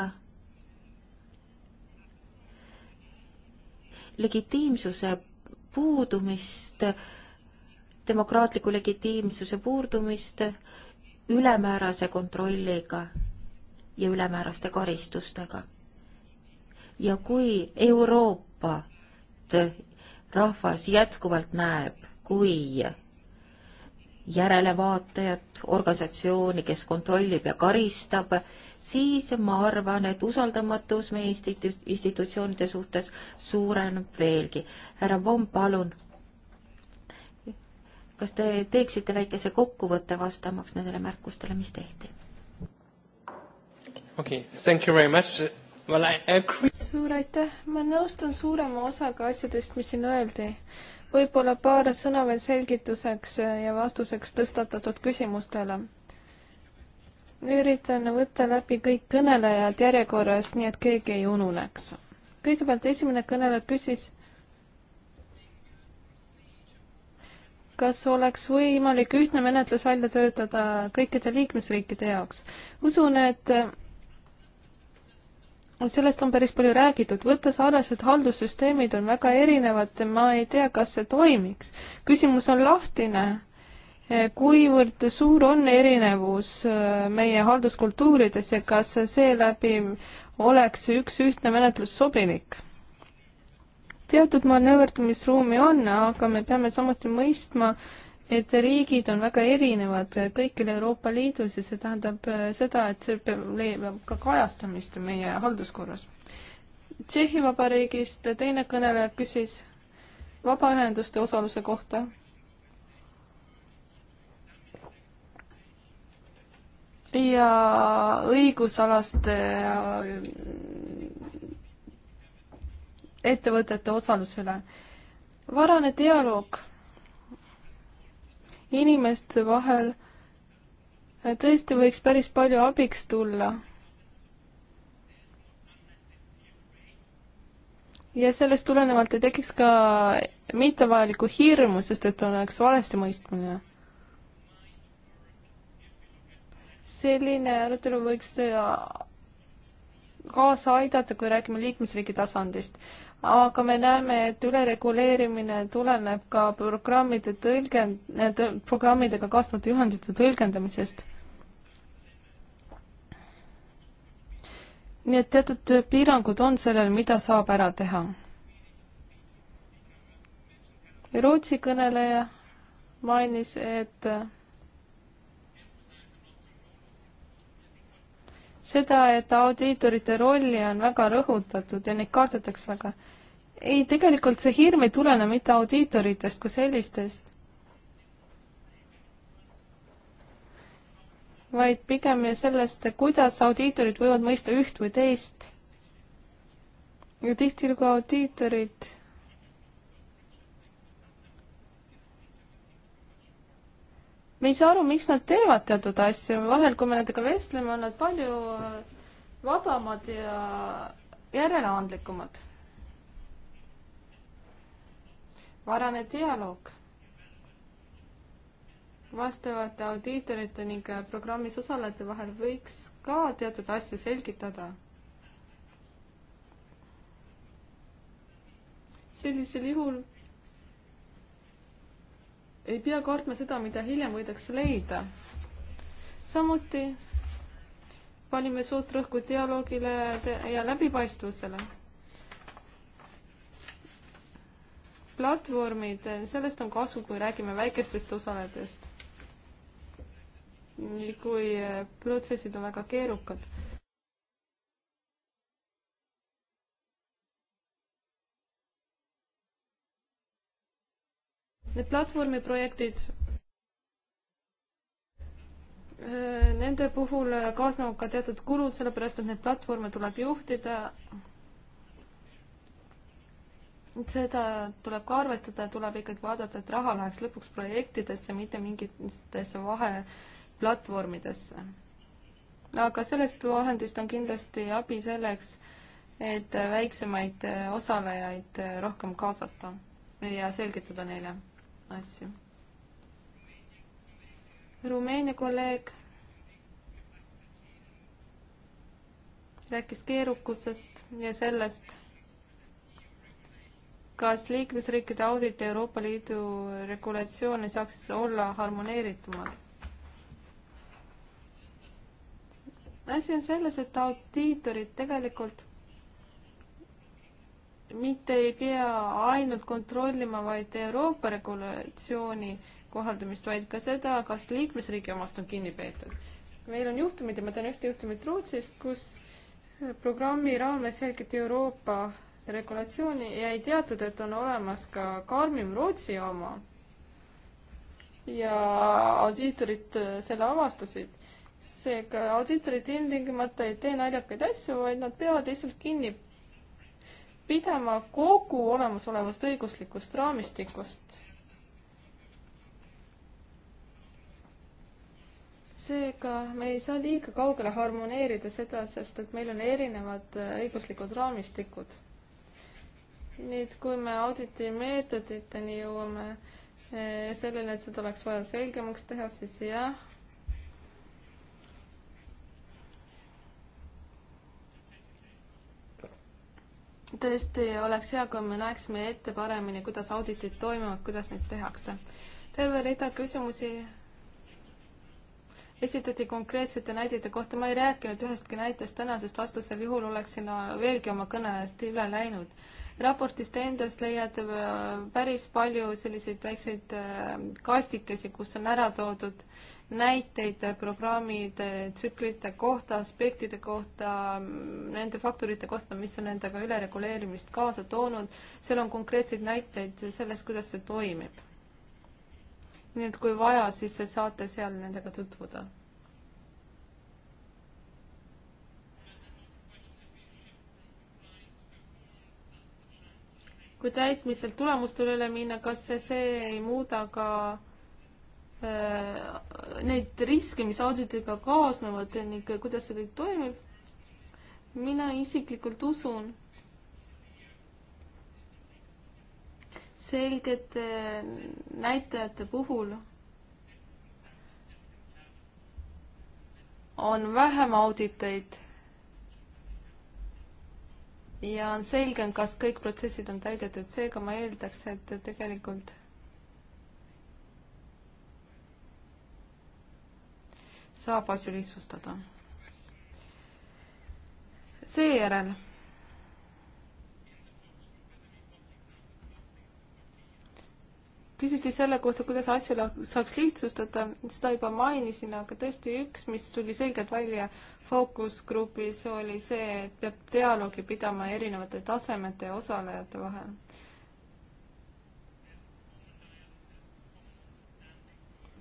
legitiimsuse puudumist, demokraatliku legitiimsuse puudumist ülemäärase kontrolliga ja ülemääraste karistustega. ja kui Euroopat rahvas jätkuvalt näeb kui järelevaatajat, organisatsiooni, kes kontrollib ja karistab, siis ma arvan, et usaldamatus meie institu-, institutsioonide suhtes suureneb veelgi. härra Vomm, palun, kas te teeksite väikese kokkuvõtte vastamaks nendele märkustele, mis tehti? okei okay,, thank you very much. Well, I agree. suur aitäh, ma nõustun suurema osaga asjadest, mis siin öeldi võib-olla paar sõna veel selgituseks ja vastuseks tõstatatud küsimustele. üritan võtta läbi kõik kõnelejad järjekorras, nii et keegi ei ununeks. kõigepealt esimene kõneleja küsis, kas oleks võimalik ühtne menetlus välja töötada kõikide liikmesriikide jaoks. usun, et sellest on päris palju räägitud, võttes arvesse, et haldussüsteemid on väga erinevad, ma ei tea, kas see toimiks. küsimus on lahtine. Eh, kuivõrd suur on erinevus eh, meie halduskultuurides ja kas seeläbi oleks üks ühtne menetlus sobilik? teatud manööverdamisruumi on, aga me peame samuti mõistma, et riigid on väga erinevad kõikjal Euroopa Liidus ja see tähendab äh, seda, et see peab leiab ka kajastamist meie halduskorras. Tšehhi Vabariigist teine kõneleja küsis vabaühenduste osaluse kohta. ja õigusalaste äh, ettevõtete osaluse üle. varane dialoog inimeste vahel tõesti võiks päris palju abiks tulla. ja sellest tulenevalt ei tekiks ka mittevajalikku hirmu, sest et oleks valesti mõistmine. selline arutelu võiks kaasa aidata, kui räägime liikmesriigi tasandist aga me näeme, et ülereguleerimine tuleneb ka programmide tõlgen-, programmidega kaasnevate juhendite tõlgendamisest. nii et teatud piirangud on sellel, mida saab ära teha. Rootsi kõneleja mainis, et seda, et audiitorite rolli on väga rõhutatud ja neid kardetakse väga. ei, tegelikult see hirm ei tulene mitte audiitoritest kui sellistest, vaid pigem sellest, kuidas audiitorid võivad mõista üht või teist. ja tihtilugu audiitorid me ei saa aru, miks nad teevad teatud asju, vahel kui me nendega vestleme, on nad palju äh, vabamad ja järeleandlikumad. varane dialoog vastavate audiitorite ning äh, programmis osalejate vahel võiks ka teatud asju selgitada. sellisel juhul ei pea kartma seda, mida hiljem võidakse leida. samuti panime suurt rõhku dialoogile ja läbipaistvusele. platvormid, sellest on kasu, kui räägime väikestest osaledest. kui protsessid on väga keerukad Need platvormiprojektid, äh, nende puhul äh, kaasnevad ka teatud kulud, sellepärast et neid platvorme tuleb juhtida. seda tuleb ka arvestada, tuleb ikkagi vaadata, et raha läheks lõpuks projektidesse, mitte mingitesse vaheplatvormidesse. aga sellest vahendist on kindlasti abi selleks, et väiksemaid osalejaid äh, rohkem kaasata ja selgitada neile asju. Rumeenia kolleeg rääkis keerukusest ja sellest, kas liikmesriikide audit ja Euroopa Liidu regulatsioone saaks olla harmoneeritumad? asi on selles, et audiitorid tegelikult mitte ei pea ainult kontrollima vaid Euroopa regulatsiooni kohaldamist, vaid ka seda, kas liikmesriigi omast on kinni peetud. meil on juhtumid ja ma tean ühte juhtumit Rootsist, kus programmi raames jälgiti Euroopa regulatsiooni ja ei teatud, et on olemas ka karmim Rootsi oma. ja audiitorid selle avastasid seega audiitorid ilmtingimata ei tee naljakaid asju, vaid nad peavad lihtsalt kinni pidama kogu olemasolevast õiguslikust raamistikust. seega me ei saa liiga kaugele harmoneerida seda, sest et meil on erinevad äh, õiguslikud raamistikud. nii et kui me auditi meetoditeni jõuame äh, sellele, et seda oleks vaja selgemaks teha, siis jah tõesti oleks hea, kui me näeksime ette paremini, kuidas auditid toimuvad, kuidas neid tehakse. terve rida küsimusi esitati konkreetsete näidete kohta, ma ei rääkinud ühestki näitest täna, sest vastasel juhul oleksin veelgi oma kõne eest üle läinud. raportist endast leiad äh, päris palju selliseid väikseid äh, kastikesi, kus on ära toodud äh, näiteid programmide tsüklite kohta, aspektide kohta, nende faktorite kohta, mis on endaga ülereguleerimist kaasa toonud. seal on konkreetseid näiteid sellest, kuidas see toimib. nii et kui vaja, siis saate seal nendega tutvuda. kui täitmiselt tulemustele üle minna, kas see, see ei muuda ka Äh, neid riske, mis auditiga kaasnevad ning kuidas see kõik toimib. mina isiklikult usun selgete näitajate puhul on vähem auditeid ja on selgem, kas kõik protsessid on täidetud, seega ma eeldaks, et tegelikult saab asju lihtsustada. seejärel küsiti selle kohta, kuidas asju saaks lihtsustada, seda juba mainisin, aga tõesti üks, mis tuli selgelt välja fookusgrupis, oli see, et peab dialoogi pidama erinevate tasemete ja osalejate vahel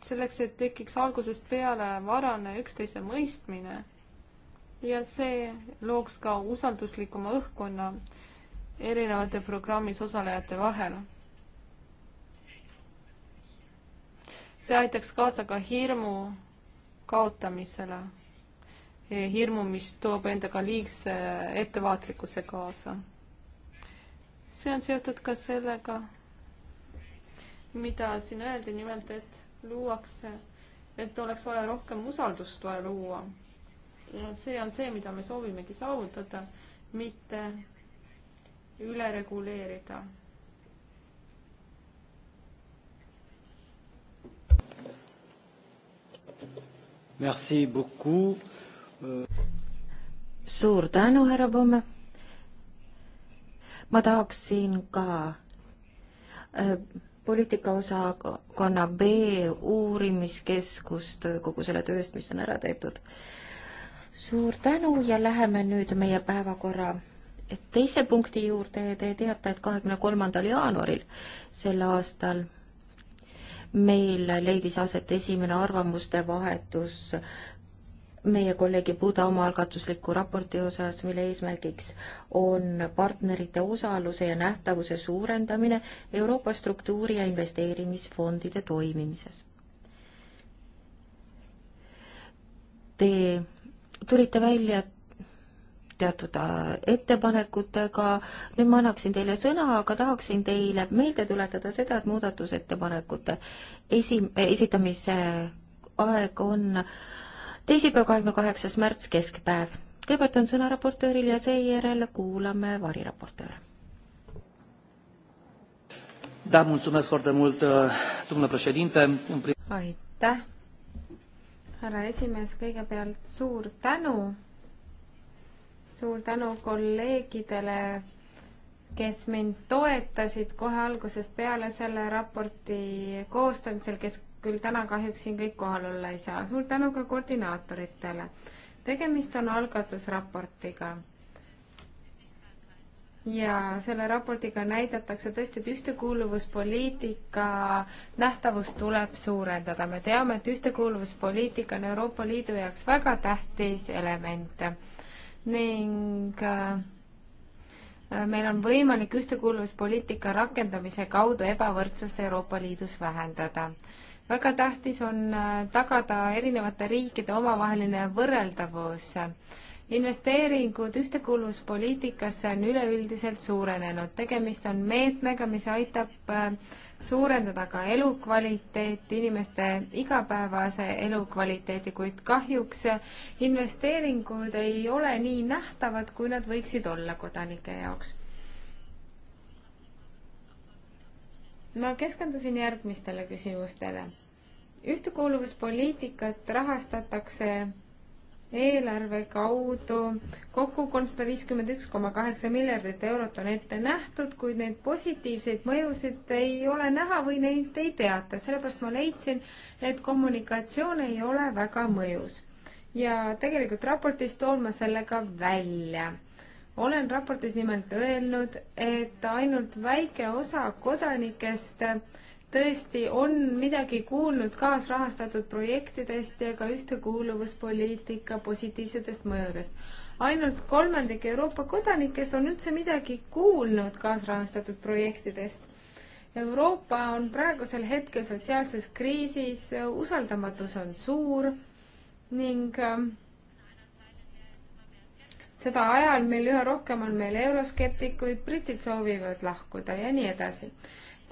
selleks, et tekiks algusest peale varane üksteise mõistmine ja see looks ka usalduslikuma õhkkonna erinevate programmis osalejate vahel. see aitaks kaasa ka hirmu kaotamisele, hirmu, mis toob endaga liigse ettevaatlikkuse kaasa. see on seotud ka sellega, mida siin öeldi, nimelt et luuakse, et oleks vaja rohkem usaldust vaja luua. see on see, mida me soovimegi saavutada, mitte üle reguleerida. Merci beaucoup. Euh, suur tänu, härra Pomme. ma tahaksin ka äh, poliitikaosakonna B uurimiskeskust, kogu selle tööst, mis on ära tehtud. suur tänu ja läheme nüüd meie päevakorra teise punkti juurde. Te teate, et kahekümne kolmandal jaanuaril sel aastal meil leidis aset esimene arvamuste vahetus meie kolleegi Buda omaalgatusliku raporti osas, mille eesmärgiks on partnerite osaluse ja nähtavuse suurendamine Euroopa struktuuri- ja investeerimisfondide toimimises. Te tulite välja teatud äh, ettepanekutega, nüüd ma annaksin teile sõna, aga tahaksin teile meelde tuletada seda, et muudatusettepanekute esi-, esitamise aeg on teisipäev, kahekümne kaheksas märts, keskpäev. kõigepealt on sõna raportööril ja seejärel kuulame variraportööre. aitäh, härra esimees, kõigepealt suur tänu, suur tänu kolleegidele, kes mind toetasid kohe algusest peale selle raporti koostamisel, kes küll täna kahjuks siin kõik kohal olla ei saa. suur tänu ka koordinaatoritele. tegemist on algatusraportiga. ja selle raportiga näidatakse tõesti, et ühtekuuluvuspoliitika nähtavust tuleb suurendada. me teame, et ühtekuuluvuspoliitika on Euroopa Liidu jaoks väga tähtis element ning äh, meil on võimalik ühtekuuluvuspoliitika rakendamise kaudu ebavõrdsust Euroopa Liidus vähendada väga tähtis on äh, tagada erinevate riikide omavaheline võrreldavus. investeeringud ühtekuuluvuspoliitikasse on üleüldiselt suurenenud, tegemist on meetmega, mis aitab äh, suurendada ka elukvaliteeti, inimeste igapäevase elukvaliteeti, kuid kahjuks investeeringud ei ole nii nähtavad, kui nad võiksid olla kodanike jaoks. ma keskendusin järgmistele küsimustele ühtekuuluvuspoliitikat rahastatakse eelarve kaudu kokku kolmsada viiskümmend üks koma kaheksa miljardit eurot on ette nähtud, kuid neid positiivseid mõjusid ei ole näha või neid ei teata, sellepärast ma leidsin, et kommunikatsioon ei ole väga mõjus. ja tegelikult raportis toon ma selle ka välja. olen raportis nimelt öelnud, et ainult väike osa kodanikest tõesti on midagi kuulnud kaasrahastatud projektidest ja ka ühtekuuluvuspoliitika positiivsetest mõjudest. ainult kolmandik Euroopa kodanikest on üldse midagi kuulnud kaasrahastatud projektidest. Euroopa on praegusel hetkel sotsiaalses kriisis, usaldamatus on suur ning ähm, seda ajal meil üha rohkem on meil euroskeptikuid, britid soovivad lahkuda ja nii edasi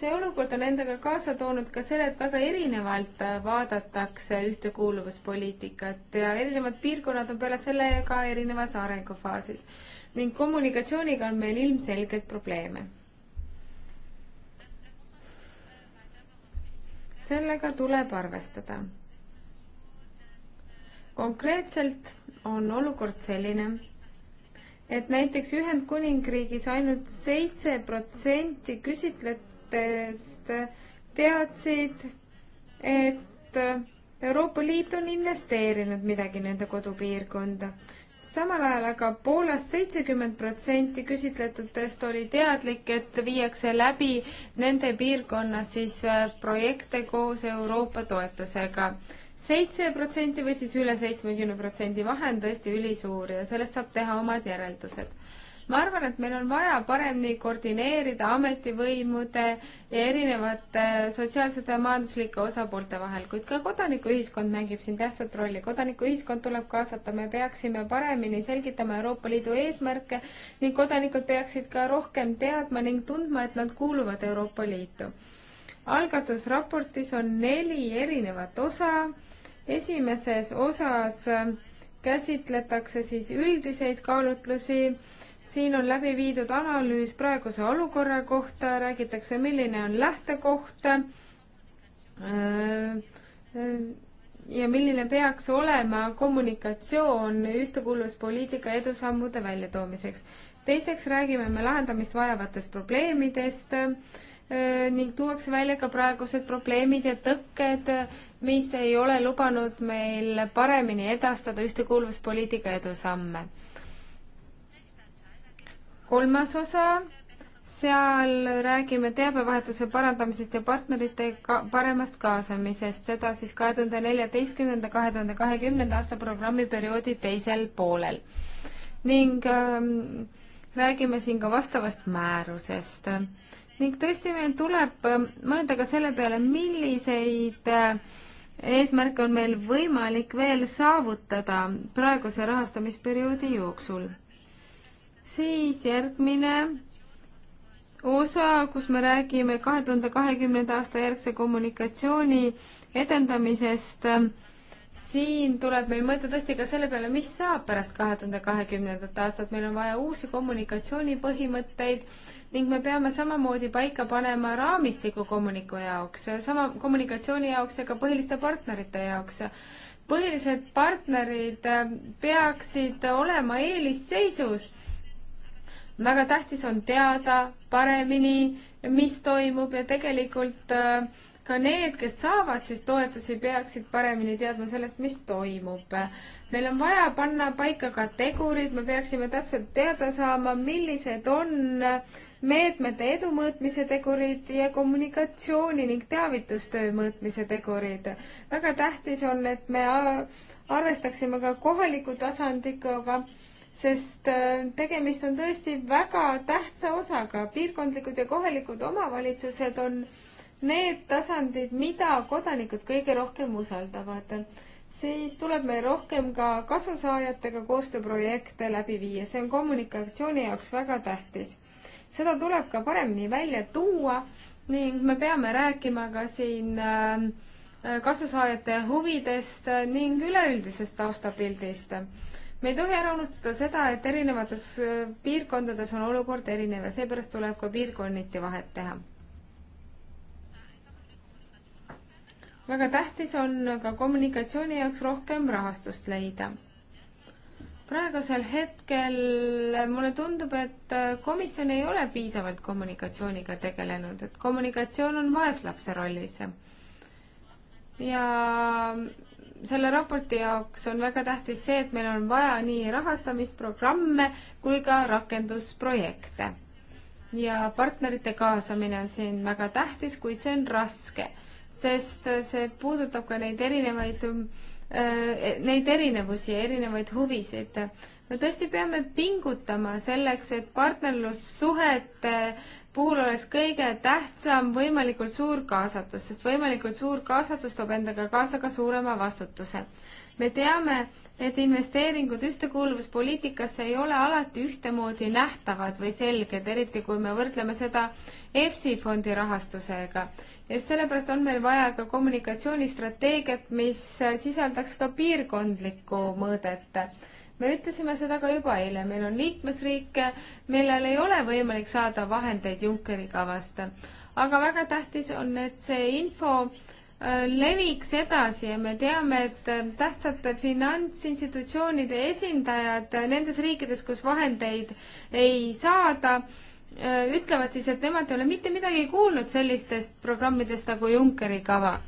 see olukord on endaga kaasa toonud ka selle, et väga erinevalt äh, vaadatakse ühtekuuluvuspoliitikat ja erinevad piirkonnad on peale selle ka erinevas arengufaasis ning kommunikatsiooniga on meil ilmselgeid probleeme. sellega tuleb arvestada. konkreetselt on olukord selline et näiteks Ühendkuningriigis ainult seitse protsenti küsitlet-, aruteludest teadsid, et Euroopa Liit on investeerinud midagi nende kodupiirkonda. samal ajal aga Poolas seitsekümmend protsenti küsitletutest oli teadlik, et viiakse läbi nende piirkonnas siis äh, projekte koos Euroopa toetusega seitse protsenti või siis üle seitsmekümne protsendi vahe on tõesti ülisuur ja sellest saab teha omad järeldused ma arvan, et meil on vaja paremini koordineerida ametivõimude ja erinevate sotsiaalsete ja majanduslike osapoolte vahel, kuid ka kodanikuühiskond mängib siin tähtsat rolli. kodanikuühiskond tuleb kaasata, me peaksime paremini selgitama Euroopa Liidu eesmärke ning kodanikud peaksid ka rohkem teadma ning tundma, et nad kuuluvad Euroopa Liitu. algatusraportis on neli erinevat osa. esimeses osas käsitletakse siis üldiseid kaalutlusi siin on läbi viidud analüüs praeguse olukorra kohta, räägitakse, milline on lähtekoht ja milline peaks olema kommunikatsioon ühtekuuluvuspoliitika edusammude väljatoomiseks. teiseks räägime me lahendamist vajavatest probleemidest ning tuuakse välja ka praegused probleemid ja tõkked, mis ei ole lubanud meil paremini edastada ühtekuuluvuspoliitika edusamme kolmas osa, seal räägime teabevahetuse parandamisest ja partnerite ka paremast kaasamisest, seda siis kahe tuhande neljateistkümnenda, kahe tuhande kahekümnenda aasta programmiperioodi teisel poolel. ning ähm, räägime siin ka vastavast määrusest ning tõesti, meil tuleb ähm, mõelda ka selle peale, milliseid äh, eesmärke on meil võimalik veel saavutada praeguse rahastamisperioodi jooksul siis järgmine osa, kus me räägime kahe tuhande kahekümnenda aasta järgse kommunikatsiooni edendamisest. siin tuleb meil mõelda tõesti ka selle peale, mis saab pärast kahe tuhande kahekümnendat aastat, meil on vaja uusi kommunikatsioonipõhimõtteid ning me peame samamoodi paika panema raamistiku kommuniku jaoks, sama kommunikatsiooni jaoks ja ka põhiliste partnerite jaoks põhilised partnerid peaksid olema eelisseisus väga tähtis on teada paremini, mis toimub ja tegelikult äh, ka need, kes saavad siis toetusi, peaksid paremini teadma sellest, mis toimub. meil on vaja panna paika ka tegurid, me peaksime täpselt teada saama, millised on meetmete edu mõõtmise tegurid ja kommunikatsiooni ning teavitustöö mõõtmise tegurid. väga tähtis on, et me arvestaksime ka kohaliku tasandiga sest äh, tegemist on tõesti väga tähtsa osaga. piirkondlikud ja kohalikud omavalitsused on need tasandid, mida kodanikud kõige rohkem usaldavad. siis tuleb meil rohkem ka kasusaajatega koostööprojekte läbi viia, see on kommunikatsiooni jaoks väga tähtis. seda tuleb ka paremini välja tuua ning me peame rääkima ka siin äh, kasusaajate huvidest ning üleüldisest taustapildist me ei tohi ära unustada seda, et erinevates äh, piirkondades on olukord erinev ja seepärast tuleb ka piirkonniti vahet teha. väga tähtis on ka kommunikatsiooni jaoks rohkem rahastust leida. praegusel hetkel mulle tundub, et äh, komisjon ei ole piisavalt kommunikatsiooniga tegelenud, et kommunikatsioon on vaeslapse rollis. ja selle raporti jaoks on väga tähtis see, et meil on vaja nii rahastamisprogramme kui ka rakendusprojekte. ja partnerite kaasamine on siin väga tähtis, kuid see on raske, sest see puudutab ka neid erinevaid, äh, neid erinevusi ja erinevaid huvisid me tõesti peame pingutama selleks, et partnerlussuhete puhul oleks kõige tähtsam võimalikult suur kaasatus, sest võimalikult suur kaasatus toob endaga kaasa ka suurema vastutuse. me teame, et investeeringud ühtekuuluvuspoliitikasse ei ole alati ühtemoodi nähtavad või selged, eriti kui me võrdleme seda EFSI fondi rahastusega. just sellepärast on meil vaja ka kommunikatsioonistrateegiat, mis sisaldaks ka piirkondlikku mõõdet me ütlesime seda ka juba eile, meil on liikmesriike, millel ei ole võimalik saada vahendeid Junckeri kavast. aga väga tähtis on, et see info äh, leviks edasi ja me teame, et äh, tähtsate finantsinstitutsioonide esindajad äh, nendes riikides, kus vahendeid ei saada, ütlevad siis, et nemad ei ole mitte midagi kuulnud sellistest programmidest nagu Junckeri kava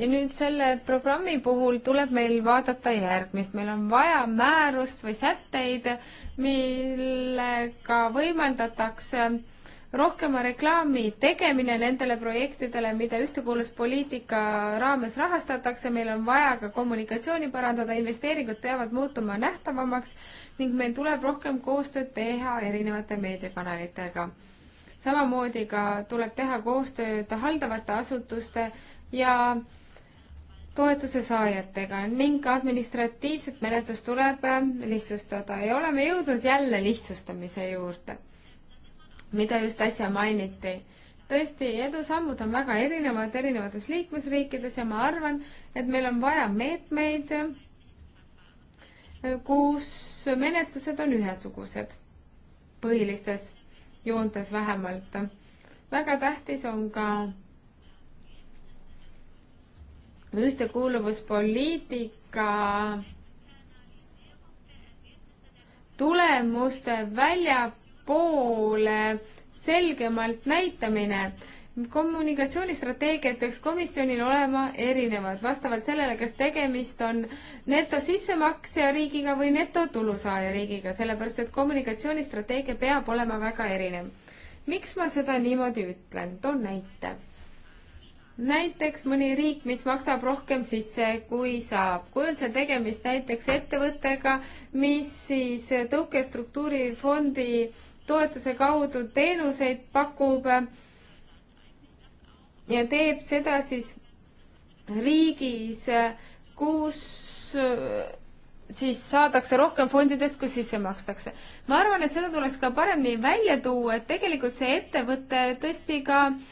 ja nüüd selle programmi puhul tuleb meil vaadata järgmist, meil on vaja määrust või sätteid, millega võimaldatakse rohkema reklaami tegemine nendele projektidele, mida ühtekuuluvuspoliitika raames rahastatakse, meil on vaja ka kommunikatsiooni parandada, investeeringud peavad muutuma nähtavamaks ning meil tuleb rohkem koostööd teha erinevate meediakanalitega. samamoodi ka tuleb teha koostööd haldavate asutuste ja toetuse saajatega ning administratiivset menetlust tuleb äh, lihtsustada ja oleme jõudnud jälle lihtsustamise juurde, mida just äsja mainiti. tõesti, edusammud on väga erinevad erinevates liikmesriikides ja ma arvan, et meil on vaja meetmeid, äh, kus menetlused on ühesugused, põhilistes joontes vähemalt. väga tähtis on ka ühtekuuluvuspoliitika tulemuste väljapoole selgemalt näitamine. kommunikatsioonistrateegiad peaks komisjonil olema erinevad vastavalt sellele, kas tegemist on netosissemaksja riigiga või netotulusaaja riigiga, sellepärast et kommunikatsioonistrateegia peab olema väga erinev. miks ma seda niimoodi ütlen, toon näite näiteks mõni riik, mis maksab rohkem sisse, kui saab, kui on seal tegemist näiteks ettevõttega, mis siis tõukestruktuurifondi toetuse kaudu teenuseid pakub ja teeb seda siis riigis, kus äh, siis saadakse rohkem fondidest, kus sisse makstakse. ma arvan, et seda tuleks ka paremini välja tuua, et tegelikult see ettevõte tõesti ka äh,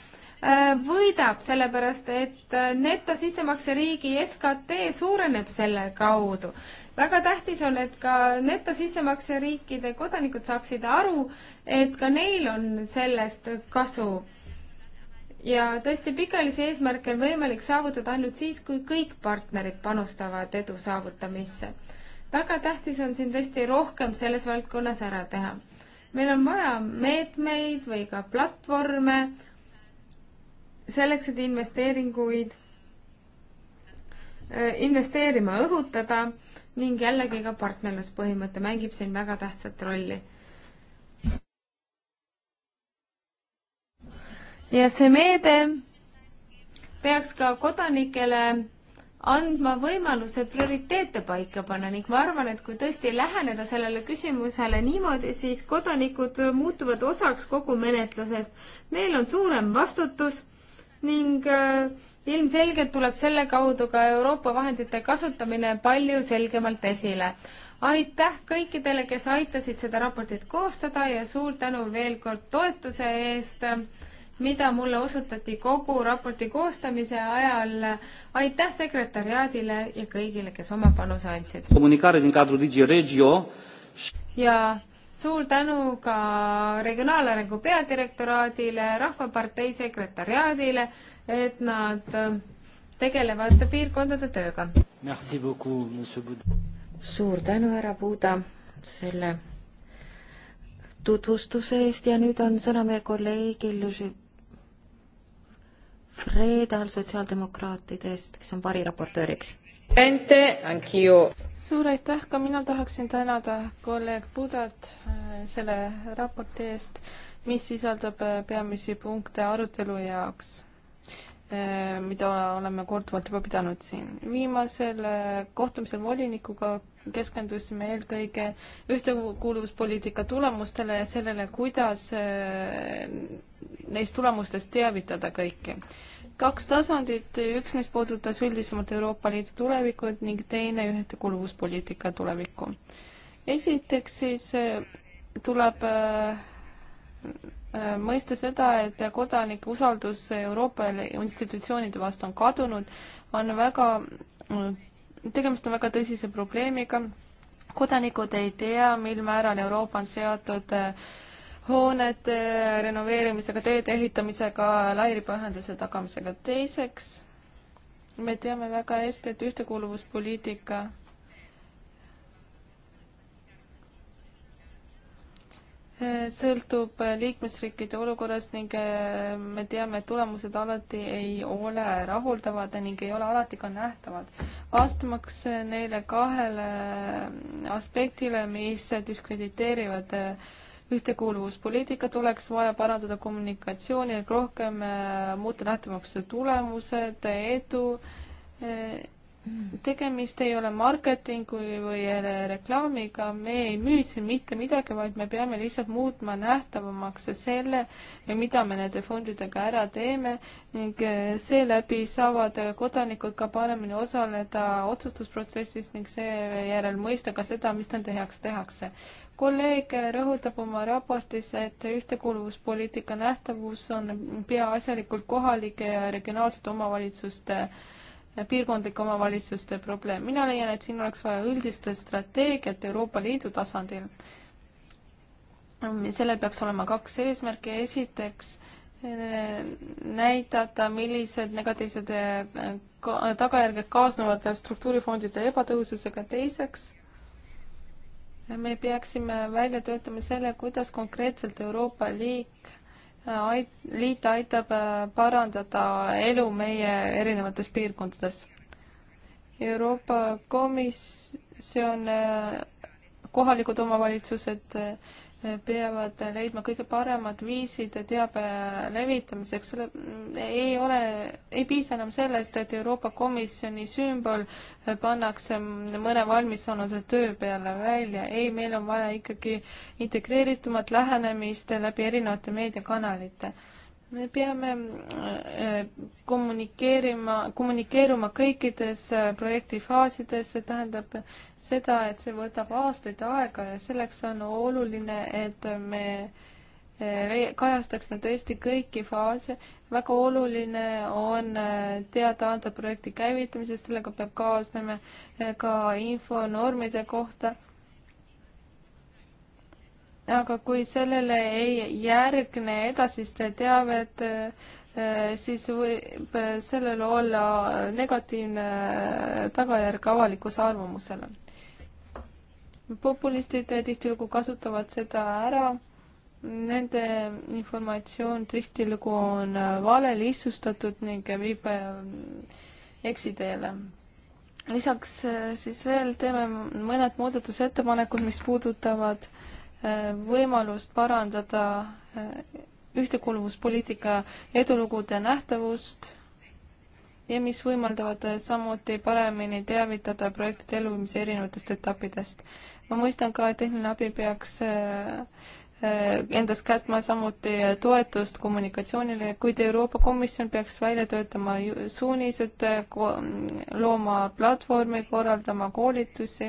Äh, võidab, sellepärast et äh, netosissemakse riigi SKT suureneb selle kaudu. väga tähtis on, et ka netosissemakse riikide kodanikud saaksid aru, et ka neil on sellest kasu. ja tõesti, pikaajalisi eesmärke on võimalik saavutada ainult siis, kui kõik partnerid panustavad edu saavutamisse. väga tähtis on siin tõesti rohkem selles valdkonnas ära teha. meil on vaja meetmeid või ka platvorme selleks, et investeeringuid, äh, investeerima õhutada ning jällegi ka partnerluspõhimõte mängib siin väga tähtsat rolli. ja see meede peaks ka kodanikele andma võimaluse prioriteete paika panna ning ma arvan, et kui tõesti läheneda sellele küsimusele niimoodi, siis kodanikud muutuvad osaks kogu menetlusest. Neil on suurem vastutus ning äh, ilmselgelt tuleb selle kaudu ka Euroopa vahendite kasutamine palju selgemalt esile. aitäh kõikidele, kes aitasid seda raportit koostada ja suur tänu veel kord toetuse eest, mida mulle osutati kogu raporti koostamise ajal. aitäh sekretäriaadile ja kõigile, kes oma panuse andsid. ja suur tänu ka Regionaalarengu peadirektoraadile, Rahvapartei sekretariaadile, et nad äh, tegelevad piirkondade tööga. suur tänu, härra Buda, selle tutvustuse eest ja nüüd on sõna meie kolleegil Lüži Fredal sotsiaaldemokraatidest, kes on variraportööriks suur aitäh, ka mina tahaksin tänada kolleeg Budat äh, selle raporti eest, mis sisaldab äh, peamisi punkte arutelu jaoks, äh, mida oleme korduvalt juba pidanud siin. viimasel kohtumisel volinikuga keskendusime eelkõige ühtekuuluvuspoliitika tulemustele ja sellele, kuidas neist tulemustest teavitada kõiki kaks tasandit, üks neist puudutas üldisemalt Euroopa Liidu tulevikut ning teine ühtekuuluvuspoliitika tulevikku. esiteks siis eh, tuleb eh, eh, mõista seda, et kodanike usaldus Euroopa institutsioonide vastu on kadunud, on väga, tegemist on väga tõsise probleemiga, kodanikud ei tea, mil määral Euroopa on seotud äh, hoonete renoveerimisega, teede ehitamisega, lairibaühenduse tagamisega. teiseks, me teame väga hästi, et ühtekuuluvuspoliitika sõltub liikmesriikide olukorrast ning äh, me teame, et tulemused alati ei ole rahuldavad ning ei ole alati ka nähtavad. vastamaks neile kahele aspektile, mis diskrediteerivad äh, ühtekuuluvuspoliitikat oleks vaja parandada kommunikatsiooni, et rohkem äh, muuta nähtavaks tulemused, edu. Äh, tegemist ei ole marketingu või äh, reklaamiga, me ei müü siin mitte midagi, vaid me peame lihtsalt muutma nähtavamaks selle, mida me nende fondidega ära teeme ning seeläbi saavad kodanikud ka paremini osaleda otsustusprotsessis ning seejärel mõista ka seda, mis nende heaks tehakse kolleeg rõhutab oma raportis, et ühtekuuluvuspoliitika nähtavus on peaasjalikult kohalike ja regionaalsete omavalitsuste, piirkondlike omavalitsuste probleem. mina leian, et siin oleks vaja üldist strateegiat Euroopa Liidu tasandil. sellel peaks olema kaks eesmärki, esiteks näidata, millised negatiivsed äh, tagajärged kaasnevad struktuurifondide ebatõhususega, teiseks me peaksime välja töötama selle, kuidas konkreetselt Euroopa liik äh, ait-, liit aitab äh, parandada elu meie erinevates piirkondades. Euroopa Komisjon, äh, kohalikud omavalitsused peavad leidma kõige paremad viisid teabe levitamiseks. ei ole, ei piisa enam sellest, et Euroopa Komisjoni sümbol pannakse mõne valmisolnud töö peale välja. ei, meil on vaja ikkagi integreeritumat lähenemist läbi erinevate meediakanalite me peame äh, kommunikeerima, kommunikeeruma kõikides äh, projekti faasides, see tähendab, seda, et see võtab aastaid aega ja selleks on oluline, et me e, kajastaks nad tõesti kõiki faase. väga oluline on e, teada anda projekti käivitamisest, sellega peab kaasnema e, ka info normide kohta. aga kui sellele ei järgne edasist teavet, siis võib sellel olla negatiivne tagajärg avalikkuse arvamusele populistid tihtilugu kasutavad seda ära, nende informatsioon tihtilugu on äh, vale, lihtsustatud ning viib äh, eksiteele. lisaks äh, siis veel teeme mõned muudatusettepanekud, mis puudutavad võimalust parandada ühtekuuluvuspoliitika edulugude nähtavust ja mis võimaldavad samuti paremini teavitada projektide elluviimise erinevatest etappidest ma mõistan ka, et tehniline abi peaks äh, äh, endas kätma samuti äh, toetust kommunikatsioonile, kuid Euroopa Komisjon peaks välja töötama suunised, looma platvormi, korraldama koolitusi,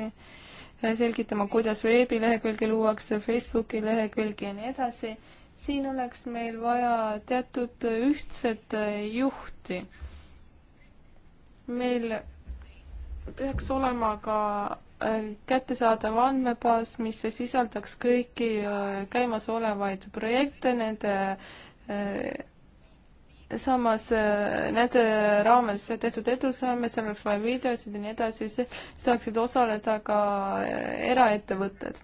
selgitama, kuidas veebilehekülgi luuakse, Facebooki lehekülgi ja nii edasi. siin oleks meil vaja teatud ühtset juhti. meil peaks olema ka Äh, kättesaadav andmebaas, mis sisaldaks kõiki äh, käimasolevaid projekte, nende äh, samas nende raames tehtud edusamme, seal oleks vaja videosid ja nii edasi, saaksid osaleda ka eraettevõtted.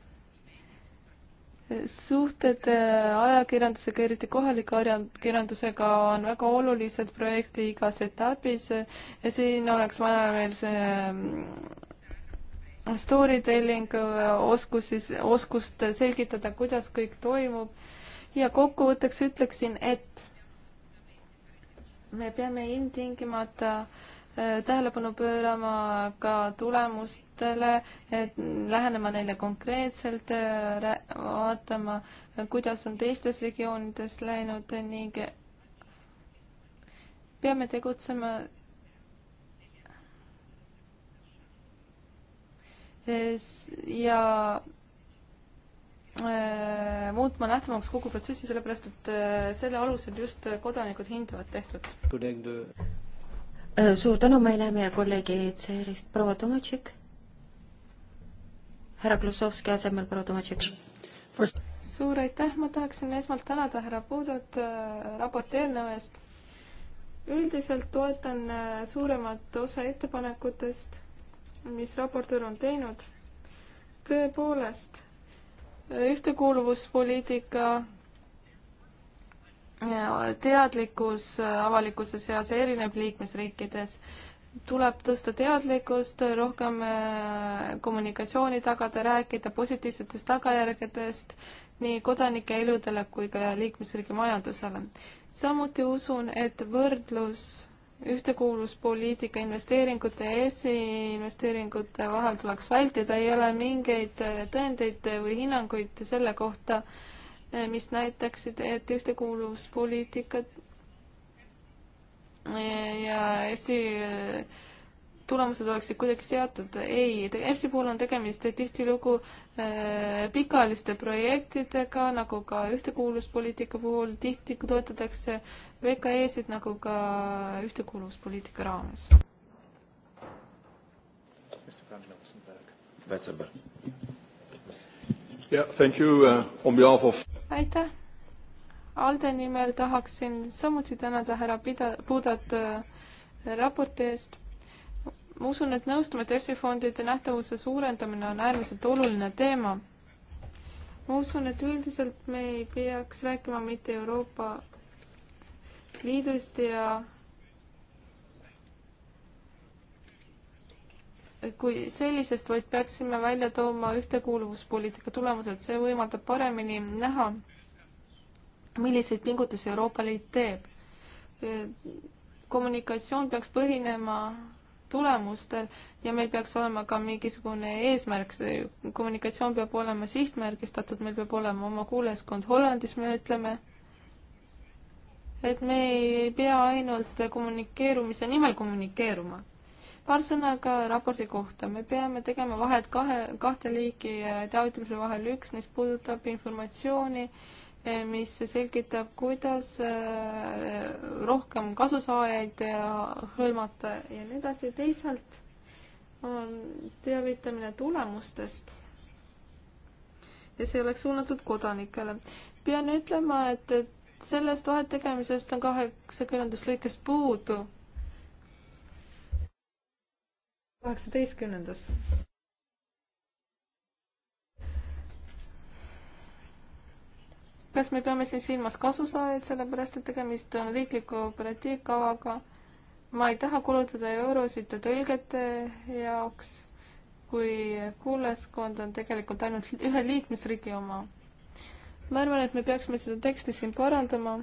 suhted ajakirjandusega, eriti kohaliku ajakirjandusega on väga olulised projekti igas etapis ja siin oleks vaja veel see storytelling äh, oskusi, oskust selgitada, kuidas kõik toimub. ja kokkuvõtteks ütleksin, et me peame ilmtingimata äh, tähelepanu pöörama ka tulemustele, et lähenema neile konkreetselt, äh, vaatama, kuidas on teistes regioonides läinud ning peame tegutsema ja äh, muutma nähtavamaks kogu protsessi, sellepärast et äh, selle alusel just kodanikud hindavad tehtud. Äh, suur tänu, ma ei näe meie kolleegi ECR-ist, proua Tomatšik. härra Klusovski asemel proua Tomatšik suur aitäh, ma tahaksin esmalt tänada härra Puudot äh, raporti eelnõu eest. üldiselt toetan äh, suuremat osa ettepanekutest mis raportöör on teinud. tõepoolest, ühtekuuluvuspoliitika teadlikkus avalikkuse seas erineb liikmesriikides tuleb tõsta teadlikkust, rohkem äh, kommunikatsiooni tagada, rääkida positiivsetest tagajärgedest nii kodanike eludele kui ka liikmesriigi majandusele. samuti usun, et võrdlus ühtekuuluvuspoliitika investeeringute ja esiinvesteeringute vahel tuleks vältida, ei ole mingeid tõendeid või hinnanguid selle kohta, mis näitaksid, et ühtekuuluvuspoliitikat ja esi- tulemused oleksid kuidagi seotud. ei, EFSi puhul on tegemist tihtilugu äh, pikaajaliste projektidega, nagu ka ühtekuuluvuspoliitika puhul tihti toetatakse VKE-sid nagu ka ühtekuuluvuspoliitika raames. Yeah, uh, of... aitäh. Alde nimel tahaksin samuti tänada härra Pida-, Pudat äh, raporti eest ma usun, et nõustume, et ERSi fondide nähtavuse suurendamine on äärmiselt oluline teema. ma usun, et üldiselt me ei peaks rääkima mitte Euroopa Liidust ja kui sellisest, vaid peaksime välja tooma ühtekuuluvuspoliitika tulemused, see võimaldab paremini näha, milliseid pingutusi Euroopa Liit teeb. kommunikatsioon peaks põhinema tulemustel ja meil peaks olema ka mingisugune eesmärk, see kommunikatsioon peab olema sihtmärgistatud, meil peab olema oma kuulajaskond Hollandis, me ütleme, et me ei pea ainult kommunikeerumise nimel kommunikeeruma. paar sõna ka raporti kohta, me peame tegema vahet kahe, kahte liiki teavitamise vahel, üks neist puudutab informatsiooni äh, mis selgitab, kuidas äh, rohkem kasusaajaid hõlmata ja nii edasi. teisalt on teavitamine tulemustest ja see oleks suunatud kodanikele. pean ütlema, et, et sellest vahet tegemisest on kaheksakümnendast lõikest puudu. kaheksateistkümnendas. kas me peame siin silmas kasusaajaid, sellepärast et tegemist on riikliku operatiivkavaga. ma ei taha kulutada eurosid tõlgete jaoks, kui kuulajaskond on tegelikult ainult ühe liikmesriigi oma. ma arvan, et me peaksime seda teksti siin parandama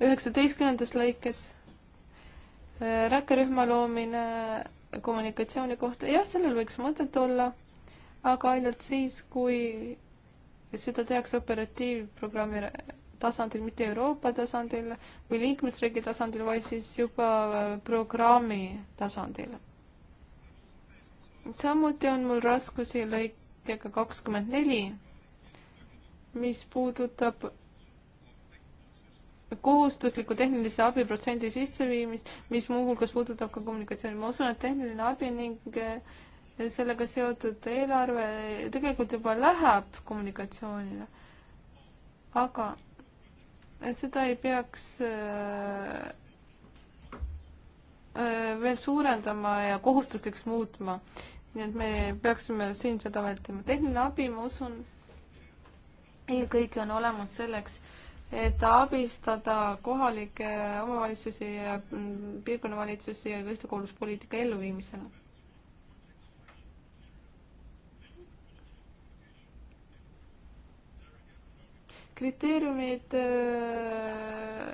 üheksateistkümnendas lõikes äh, rakkerühma loomine kommunikatsiooni kohta, jah, sellel võiks mõtet olla, aga ainult siis, kui seda tehakse operatiivprogrammi tasandil, mitte Euroopa tasandil või liikmesriigi tasandil, vaid siis juba äh, programmi tasandil. samuti on mul raskusi lõikega kakskümmend neli, mis puudutab kohustusliku tehnilise abi protsendi sisseviimist, mis muuhulgas puudutab ka kommunikatsiooni. ma usun, et tehniline abi ning äh, sellega seotud eelarve tegelikult juba läheb kommunikatsioonile. aga seda ei peaks äh, äh, veel suurendama ja kohustuslikuks muutma. nii et me peaksime siin seda vältima. tehniline abi, ma usun, eelkõige on olemas selleks, et abistada kohalikke omavalitsusi ja mm, piirkonnavalitsusi ja ühtekuuluvuspoliitika elluviimisele kriteeriumid, äh,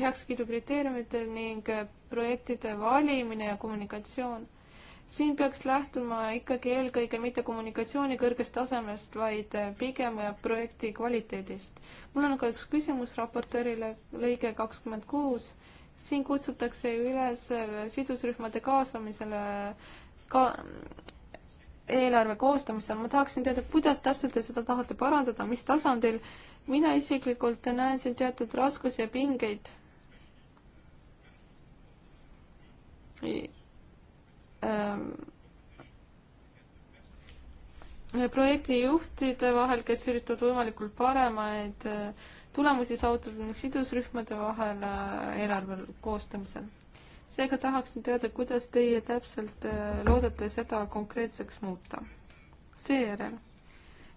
heakskiidu kriteeriumid ning äh, projektide valimine ja kommunikatsioon. siin peaks lähtuma ikkagi eelkõige mitte kommunikatsiooni kõrgest tasemest, vaid äh, pigem projekti kvaliteedist. mul on ka üks küsimus raportöörile, lõige kakskümmend kuus. siin kutsutakse üles sidusrühmade kaasamisele ka eelarve koostamisse, ma tahaksin teada, kuidas täpselt te seda tahate parandada, mis tasandil. mina isiklikult näen siin teatud raskusi ja pingeid. Ähm, projektijuhtide vahel, kes üritavad võimalikult paremaid äh, tulemusi saavutada ning sidusrühmade vahel äh, eelarve koostamisel seega tahaksin teada, kuidas teie täpselt äh, loodate seda konkreetseks muuta. seejärel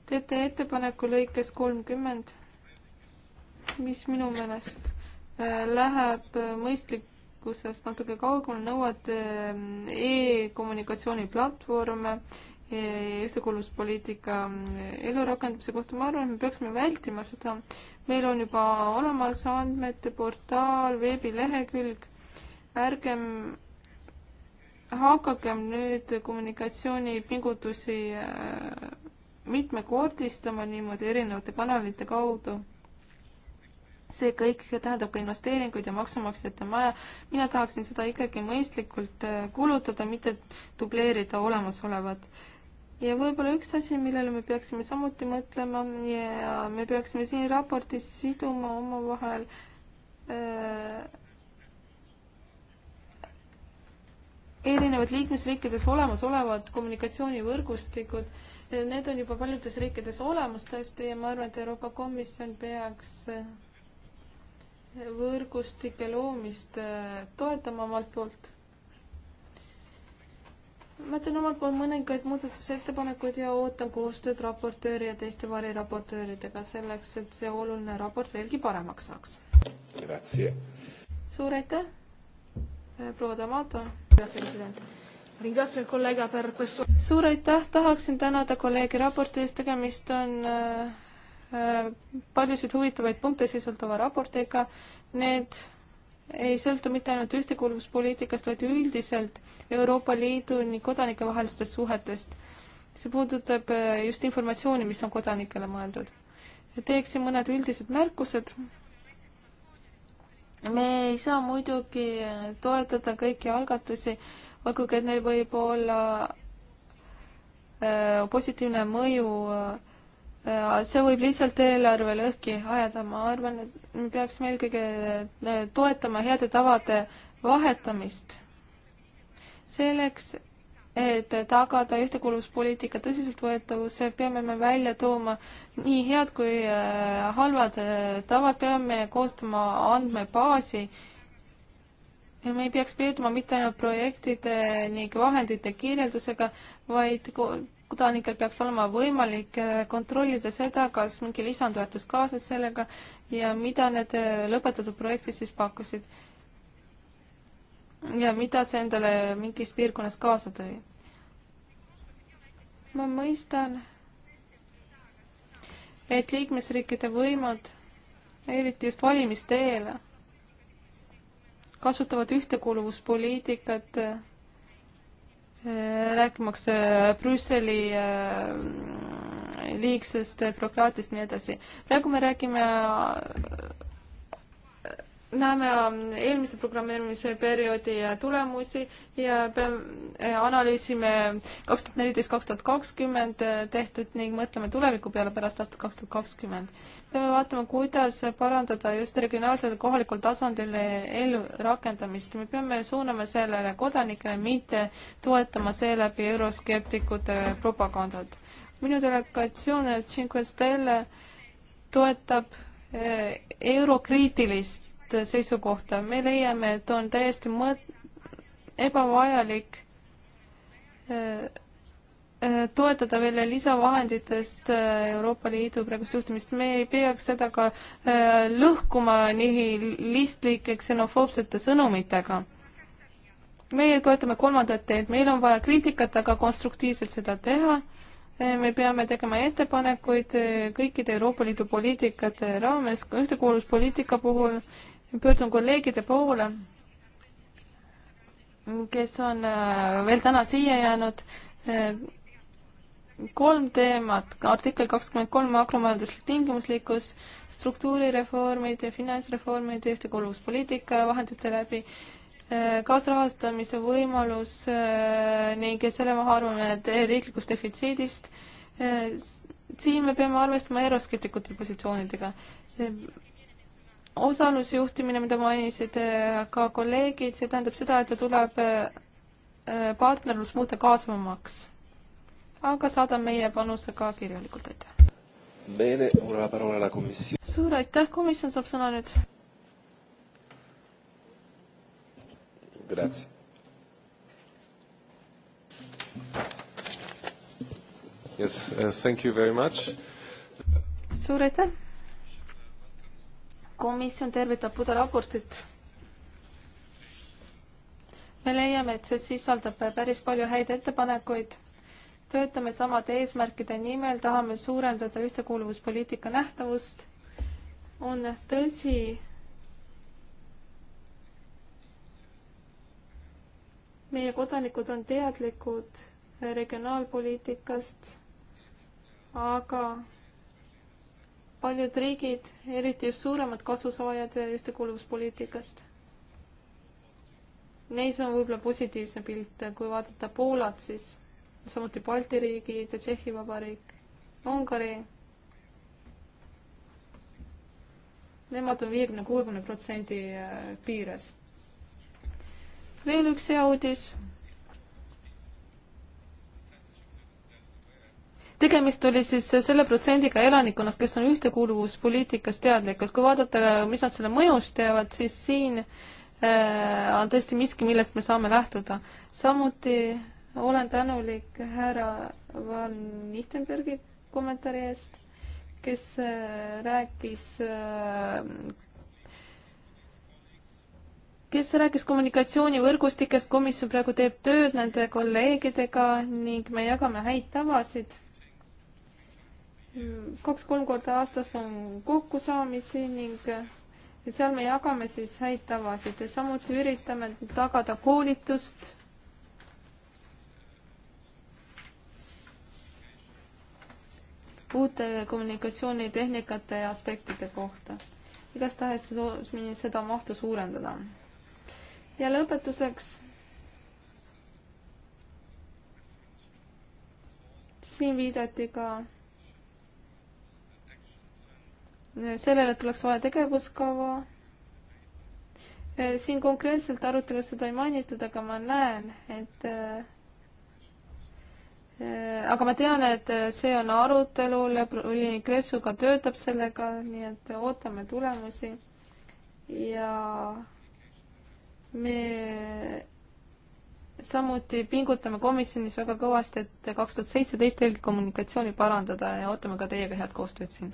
teete ettepaneku lõikes kolmkümmend, mis minu meelest äh, läheb äh, mõistlikkusest natuke kaugemale, nõuate e-kommunikatsiooniplatvorme e-, ühtekuuluvuspoliitika elurakendamise kohta, ma arvan, et me peaksime vältima seda. meil on juba olemas andmete portaal, veebilehekülg, ärgem hakakem nüüd kommunikatsioonipingutusi äh, mitmekordistama niimoodi erinevate kanalite kaudu. see kõik tähendab ka investeeringuid ja maksumaksjate maja. mina tahaksin seda ikkagi mõistlikult äh, kulutada, mitte dubleerida olemasolevat ja võib-olla üks asi, millele me peaksime samuti mõtlema ja me peaksime siin raportis siduma omavahel äh, erinevad liikmesriikides olemasolevad kommunikatsioonivõrgustikud, need on juba paljudes riikides olemas tõesti ja ma arvan, et Euroopa Komisjon peaks eh, võrgustike loomist eh, toetama omalt poolt. ma teen omalt poolt mõningaid muudatusettepanekuid ja ootan koostööd raportööri ja teiste variraportööridega selleks, et see oluline raport veelgi paremaks saaks. suur aitäh, eh, proua Damato suur aitäh, tahaksin tänada kolleegi raporti eest, tegemist on äh, äh, paljusid huvitavaid punkte sisaldava raportiga. Need ei sõltu mitte ainult ühtekuuluvuspoliitikast, vaid üldiselt Euroopa Liidu nii kodanike vahelistest suhetest. see puudutab äh, just informatsiooni, mis on kodanikele mõeldud. teeksin mõned üldised märkused me ei saa muidugi toetada kõiki algatusi, olgugi et neil võib olla äh, positiivne mõju, äh, see võib lihtsalt eelarve lõhki ajada, ma arvan, et me peaksime eelkõige äh, toetama heade tavade vahetamist. selleks, et tagada ühtekuuluvuspoliitika tõsiseltvõetavus, peame me välja tooma nii head kui äh, halvad äh, tavad, peame koostama andmebaasi. me ei peaks piirduma mitte ainult projektide ning vahendite kirjeldusega, vaid kodanikel peaks olema võimalik äh, kontrollida seda, kas mingi lisandväärtus kaasas sellega ja mida need lõpetatud projektid siis pakkusid ja mida see endale mingis piirkonnas kaasa tõi. ma mõistan, et liikmesriikide võimud, eriti just valimiste eel, kasutavad ühtekuuluvuspoliitikat äh, rääkimaks äh, Brüsseli äh, liigsest bürokraatiast ja nii edasi. praegu me räägime näeme ähm, eelmise programmeerimise perioodi tulemusi ja peame, äh, analüüsime kaks tuhat neliteist, kaks tuhat kakskümmend äh, tehtud ning mõtleme tuleviku peale pärast aastat kaks tuhat kakskümmend. peame vaatama, kuidas parandada just regionaalsel kohalikul tasandil ellurakendamist. me peame suunama sellele kodanikele, mitte toetama seeläbi euroskeptikute äh, propagandat. minu delegatsioon Cinque Stelle toetab eurokriitilist ühtset seisukohta. me leiame, et on täiesti mõt-, ebavajalik äh, äh, toetada veel lisavahenditest äh, Euroopa Liidu praegust juhtimist, me ei peaks seda ka lõhkuma nihilistlike ksenofoobsete sõnumitega. meie toetame kolmandat teed, meil on vaja kriitikat, aga konstruktiivselt seda teha. me peame tegema ettepanekuid kõikide Euroopa Liidu poliitikate raames, ühtekuuluvuspoliitika puhul pöördun kolleegide poole, kes on äh, veel täna siia jäänud. Äh, kolm teemat, artikkel kakskümmend kolm, makromajanduslik tingimuslikkus, struktuurireformid ja finantsreformid, ühtekuuluvuspoliitika vahendite läbi, äh, kaasrahastamise võimalus ning selle mahaarvamine riiklikust defitsiidist. siin me peame arvestama euroskeptikute positsioonidega osalusjuhtimine, mida mainisid äh, ka kolleegid, see tähendab seda, et tuleb äh, äh, partnerlus muuta kaasvamaks. aga saadan meie panuse ka kirjalikult, aitäh. suur aitäh, komisjon saab sõna nüüd. Grazie. Yes, uh, thank you very much. Suur aitäh! komisjon tervitab Buda raportit. me leiame, et see sisaldab päris palju häid ettepanekuid. töötame samade eesmärkide nimel, tahame suurendada ühtekuuluvuspoliitika nähtavust. on tõsi, meie kodanikud on teadlikud regionaalpoliitikast, aga paljud riigid, eriti just suuremad kasusaajad ühtekuuluvuspoliitikast. Neis on võib-olla positiivsem pilt, kui vaadata Poolat, siis samuti Balti riigid, Tšehhi Vabariik, Ungari. Nemad on viiekümne, kuuekümne protsendi piires. veel üks hea uudis tegemist oli siis selle protsendiga elanikkonnast, kes on ühtekuuluvuspoliitikast teadlikud. kui vaadata, mis nad selle mõjust teavad, siis siin äh, on tõesti miski, millest me saame lähtuda. samuti olen tänulik härra Van Nichtenbergi kommentaari eest, kes äh, rääkis, äh, kes rääkis kommunikatsioonivõrgustikest, komisjon praegu teeb tööd nende kolleegidega ning me jagame häid tavasid kaks-kolm korda aastas on kokkusaamisi ning seal me jagame siis häid tavasid ja samuti üritame tagada koolitust. uute kommunikatsioonitehnikate ja aspektide kohta. igastahes soovime seda mahtu suurendada. ja lõpetuseks. siin viidati ka sellele, et oleks vaja tegevuskava. Eh, siin konkreetselt arutelus seda ei mainitud, aga ma näen, et eh, eh, aga ma tean, et see on arutelul, Liini Kressuga töötab sellega, nii et ootame tulemusi. ja me samuti pingutame komisjonis väga kõvasti, et kaks tuhat seitseteist eelkommunikatsiooni parandada ja ootame ka teiega head koostööd siin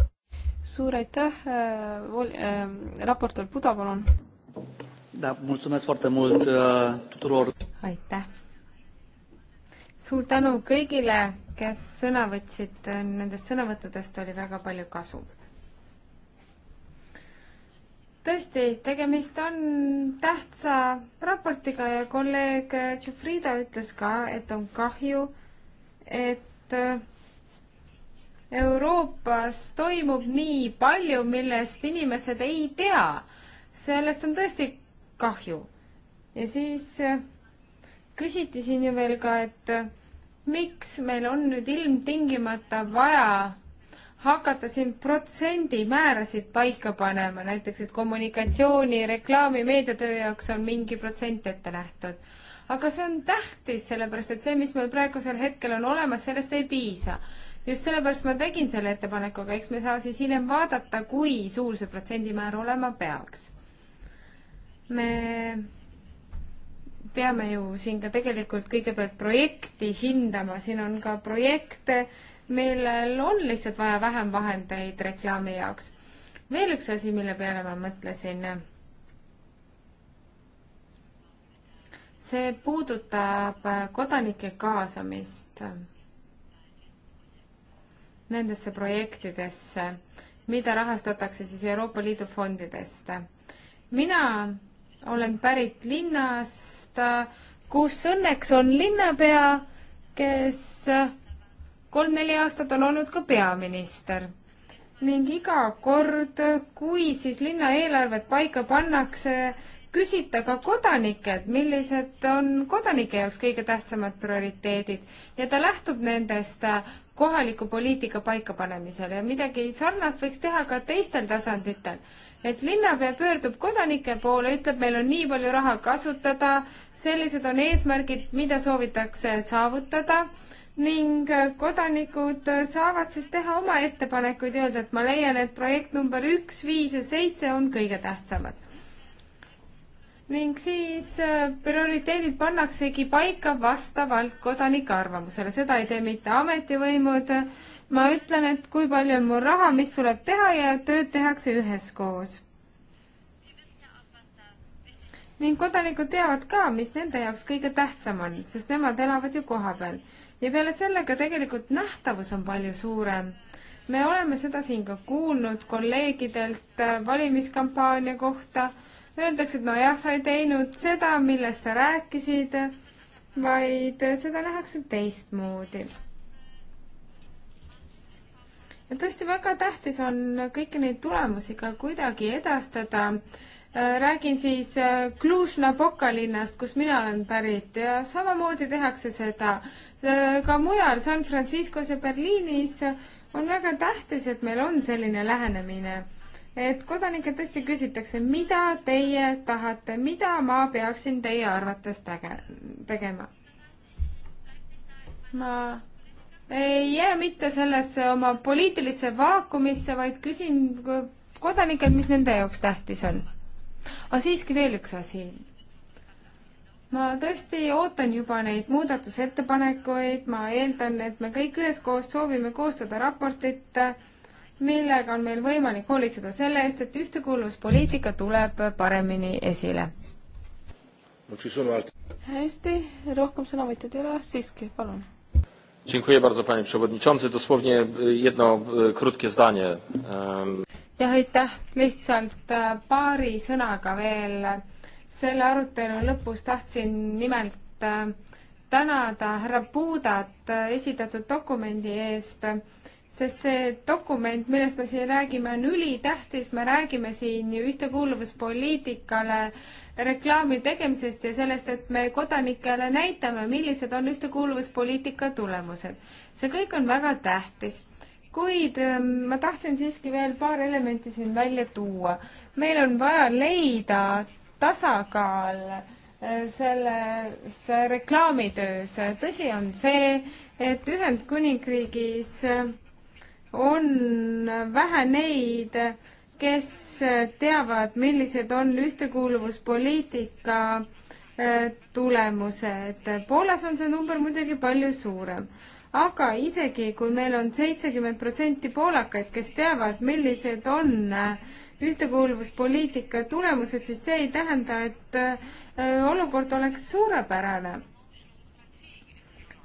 suur aitäh äh,, vol- äh,, raportöör Puda, palun. Äh, aitäh. suur tänu kõigile, kes sõna võtsid, nendest sõnavõttudest oli väga palju kasu. tõesti, tegemist on tähtsa raportiga ja kolleeg Tšufrida ütles ka, et on kahju, et äh, Euroopas toimub nii palju, millest inimesed ei tea. sellest on tõesti kahju. ja siis äh, küsiti siin ju veel ka, et äh, miks meil on nüüd ilmtingimata vaja hakata siin protsendimäärasid paika panema, näiteks et kommunikatsiooni, reklaami, meediatöö jaoks on mingi protsent ette nähtud. aga see on tähtis, sellepärast et see, mis meil praegusel hetkel on olemas, sellest ei piisa just sellepärast ma tegin selle ettepanekuga, eks me saa siis hiljem vaadata, kui suur see protsendimäär olema peaks. me peame ju siin ka tegelikult kõigepealt projekti hindama, siin on ka projekte, millel on lihtsalt vaja vähem vahendeid reklaami jaoks. veel üks asi, mille peale ma mõtlesin. see puudutab kodanike kaasamist nendesse projektidesse, mida rahastatakse siis Euroopa Liidu fondidest. mina olen pärit linnast, kus õnneks on linnapea, kes kolm-neli aastat on olnud ka peaminister ning iga kord, kui siis linna eelarvet paika pannakse, küsita ka kodanikelt, millised on kodanike jaoks kõige tähtsamad prioriteedid ja ta lähtub nendest äh, kohaliku poliitika paikapanemisel ja midagi sarnast võiks teha ka teistel tasanditel. et linnapea pöördub kodanike poole, ütleb, meil on nii palju raha kasutada, sellised on eesmärgid, mida soovitakse saavutada ning äh, kodanikud äh, saavad siis teha oma ettepanekuid, öelda, et ma leian, et projekt number üks, viis ja seitse on kõige tähtsamad ning siis äh, prioriteedid pannaksegi paika vastavalt kodanike arvamusele, seda ei tee mitte ametivõimud. ma ütlen, et kui palju on mul raha, mis tuleb teha ja tööd tehakse üheskoos. ning kodanikud teavad ka, mis nende jaoks kõige tähtsam on, sest nemad elavad ju kohapeal ja peale selle ka tegelikult nähtavus on palju suurem me oleme seda siin ka kuulnud kolleegidelt äh, valimiskampaania kohta öeldakse, et nojah, sa ei teinud seda, millest sa rääkisid, vaid seda nähakse teistmoodi. ja tõesti väga tähtis on kõiki neid tulemusi ka kuidagi edastada. räägin siis äh, Cluj-Napoca linnast, kus mina olen pärit ja samamoodi tehakse seda äh, ka mujal San Franciscos ja Berliinis on väga tähtis, et meil on selline lähenemine et kodanikke tõesti küsitakse, mida teie tahate, mida ma peaksin teie arvates tege-, tegema. ma ei jää mitte sellesse oma poliitilisse vaakumisse, vaid küsin kodanikelt, mis nende jaoks tähtis on. aga siiski veel üks asi. ma tõesti ootan juba neid muudatusettepanekuid, ma eeldan, et me kõik üheskoos soovime koostada raportit äh, millega on meil võimalik hoolitseda selle eest, et ühtekuuluvuspoliitika tuleb paremini esile. hästi, rohkem sõnavõtjaid ei ole, siiski, palun. Dziękuję bardzo panie przewodniczący, dosłownie e, jedno e, krótkie zdanie. jah, aitäh, lihtsalt e, paari sõnaga veel selle arutelu lõpus tahtsin nimelt tänada härra Puudat esitatud dokumendi eest sest see dokument, millest me siin räägime, on ülitähtis, me räägime siin ju ühtekuuluvuspoliitikale reklaami tegemisest ja sellest, et me kodanikele näitame, millised on ühtekuuluvuspoliitika tulemused. see kõik on väga tähtis kuid ähm, ma tahtsin siiski veel paar elementi siin välja tuua. meil on vaja leida tasakaal äh, selles äh, reklaamitöös. tõsi on see, et Ühendkuningriigis äh, on vähe neid, kes teavad, millised on ühtekuuluvuspoliitika äh, tulemused. Poolas on see number muidugi palju suurem aga isegi, kui meil on seitsekümmend protsenti poolakaid, kes teavad, millised on äh, ühtekuuluvuspoliitika tulemused, siis see ei tähenda, et äh, olukord oleks suurepärane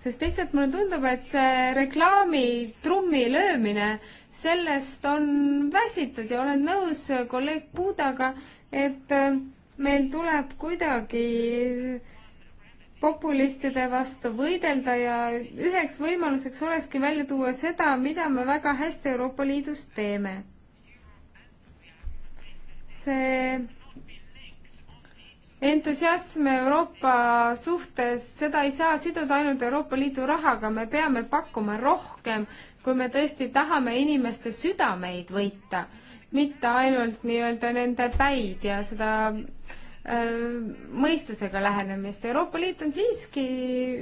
sest lihtsalt mulle tundub, et see reklaami trummi löömine, sellest on väsitud ja olen nõus kolleeg Puudaga, et äh, meil tuleb kuidagi populistide vastu võidelda ja üheks võimaluseks olekski välja tuua seda, mida me väga hästi Euroopa Liidus teeme. see entusiasm Euroopa suhtes, seda ei saa siduda ainult Euroopa Liidu rahaga, me peame pakkuma rohkem, kui me tõesti tahame inimeste südameid võita, mitte ainult nii-öelda nende päid ja seda äh, mõistusega lähenemist. Euroopa Liit on siiski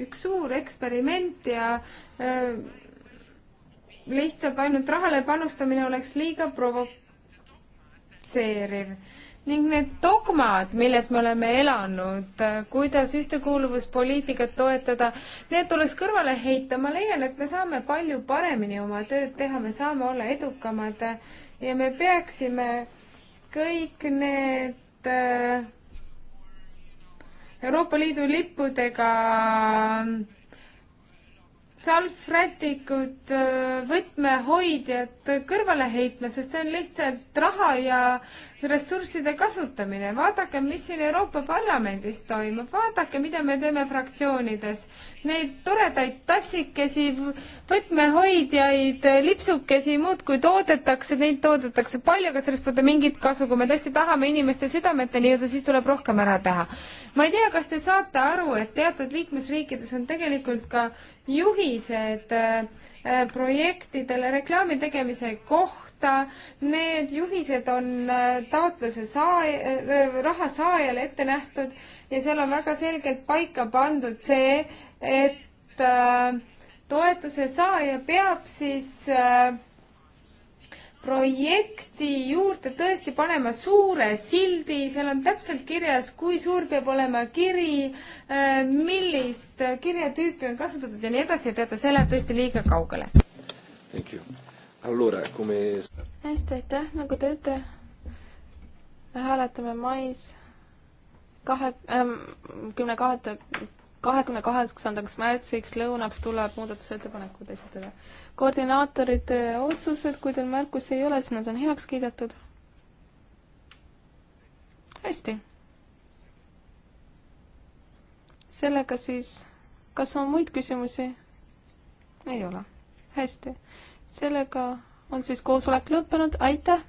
üks suur eksperiment ja öö, äh, lihtsalt ainult rahale panustamine oleks liiga provotseeriv ning need dogmad, milles me oleme elanud, äh, kuidas ühtekuuluvuspoliitikat toetada, need tuleks kõrvale heita, ma leian, et me saame palju paremini oma tööd teha, me saame olla edukamad äh, ja me peaksime kõik need äh, Euroopa Liidu lippudega salvrätikud, võtmehoidjad kõrvale heitma, sest see on lihtsalt raha ja ressursside kasutamine, vaadake, mis siin Euroopa Parlamendis toimub, vaadake, mida me teeme fraktsioonides. Neid toredaid tassikesi, võtmehoidjaid, lipsukesi muudkui toodetakse, neid toodetakse palju, aga sellest pole mingit kasu, kui me tõesti tahame inimeste südameteni jõuda, siis tuleb rohkem ära teha. ma ei tea, kas te saate aru, et teatud liikmesriikides on tegelikult ka juhised äh, äh projektidele reklaami tegemise kohta, kohta. Need juhised on äh, taotluse saaja, äh, raha saajale ette nähtud ja seal on väga selgelt paika pandud see, et äh, toetuse saaja peab siis projekti juurde tõesti panema suure sildi, seal on täpselt kirjas, kui suur peab olema kiri, millist kirjatüüpi on kasutatud ja nii edasi, et teate, see läheb tõesti liiga kaugele. Thank you. Allora, come... hästi, aitäh, nagu te teate, hääletame mais kahe ähm,, kümne kahe, kahekümne kaheksandaks märtsiks lõunaks tuleb muudatusettepanekud esitada. koordinaatorite otsused, kui teil märkusi ei ole, siis nad on heaks kiidetud. hästi. sellega siis, kas on muid küsimusi? ei ole. hästi sellega on siis koosolek lõppenud, aitäh!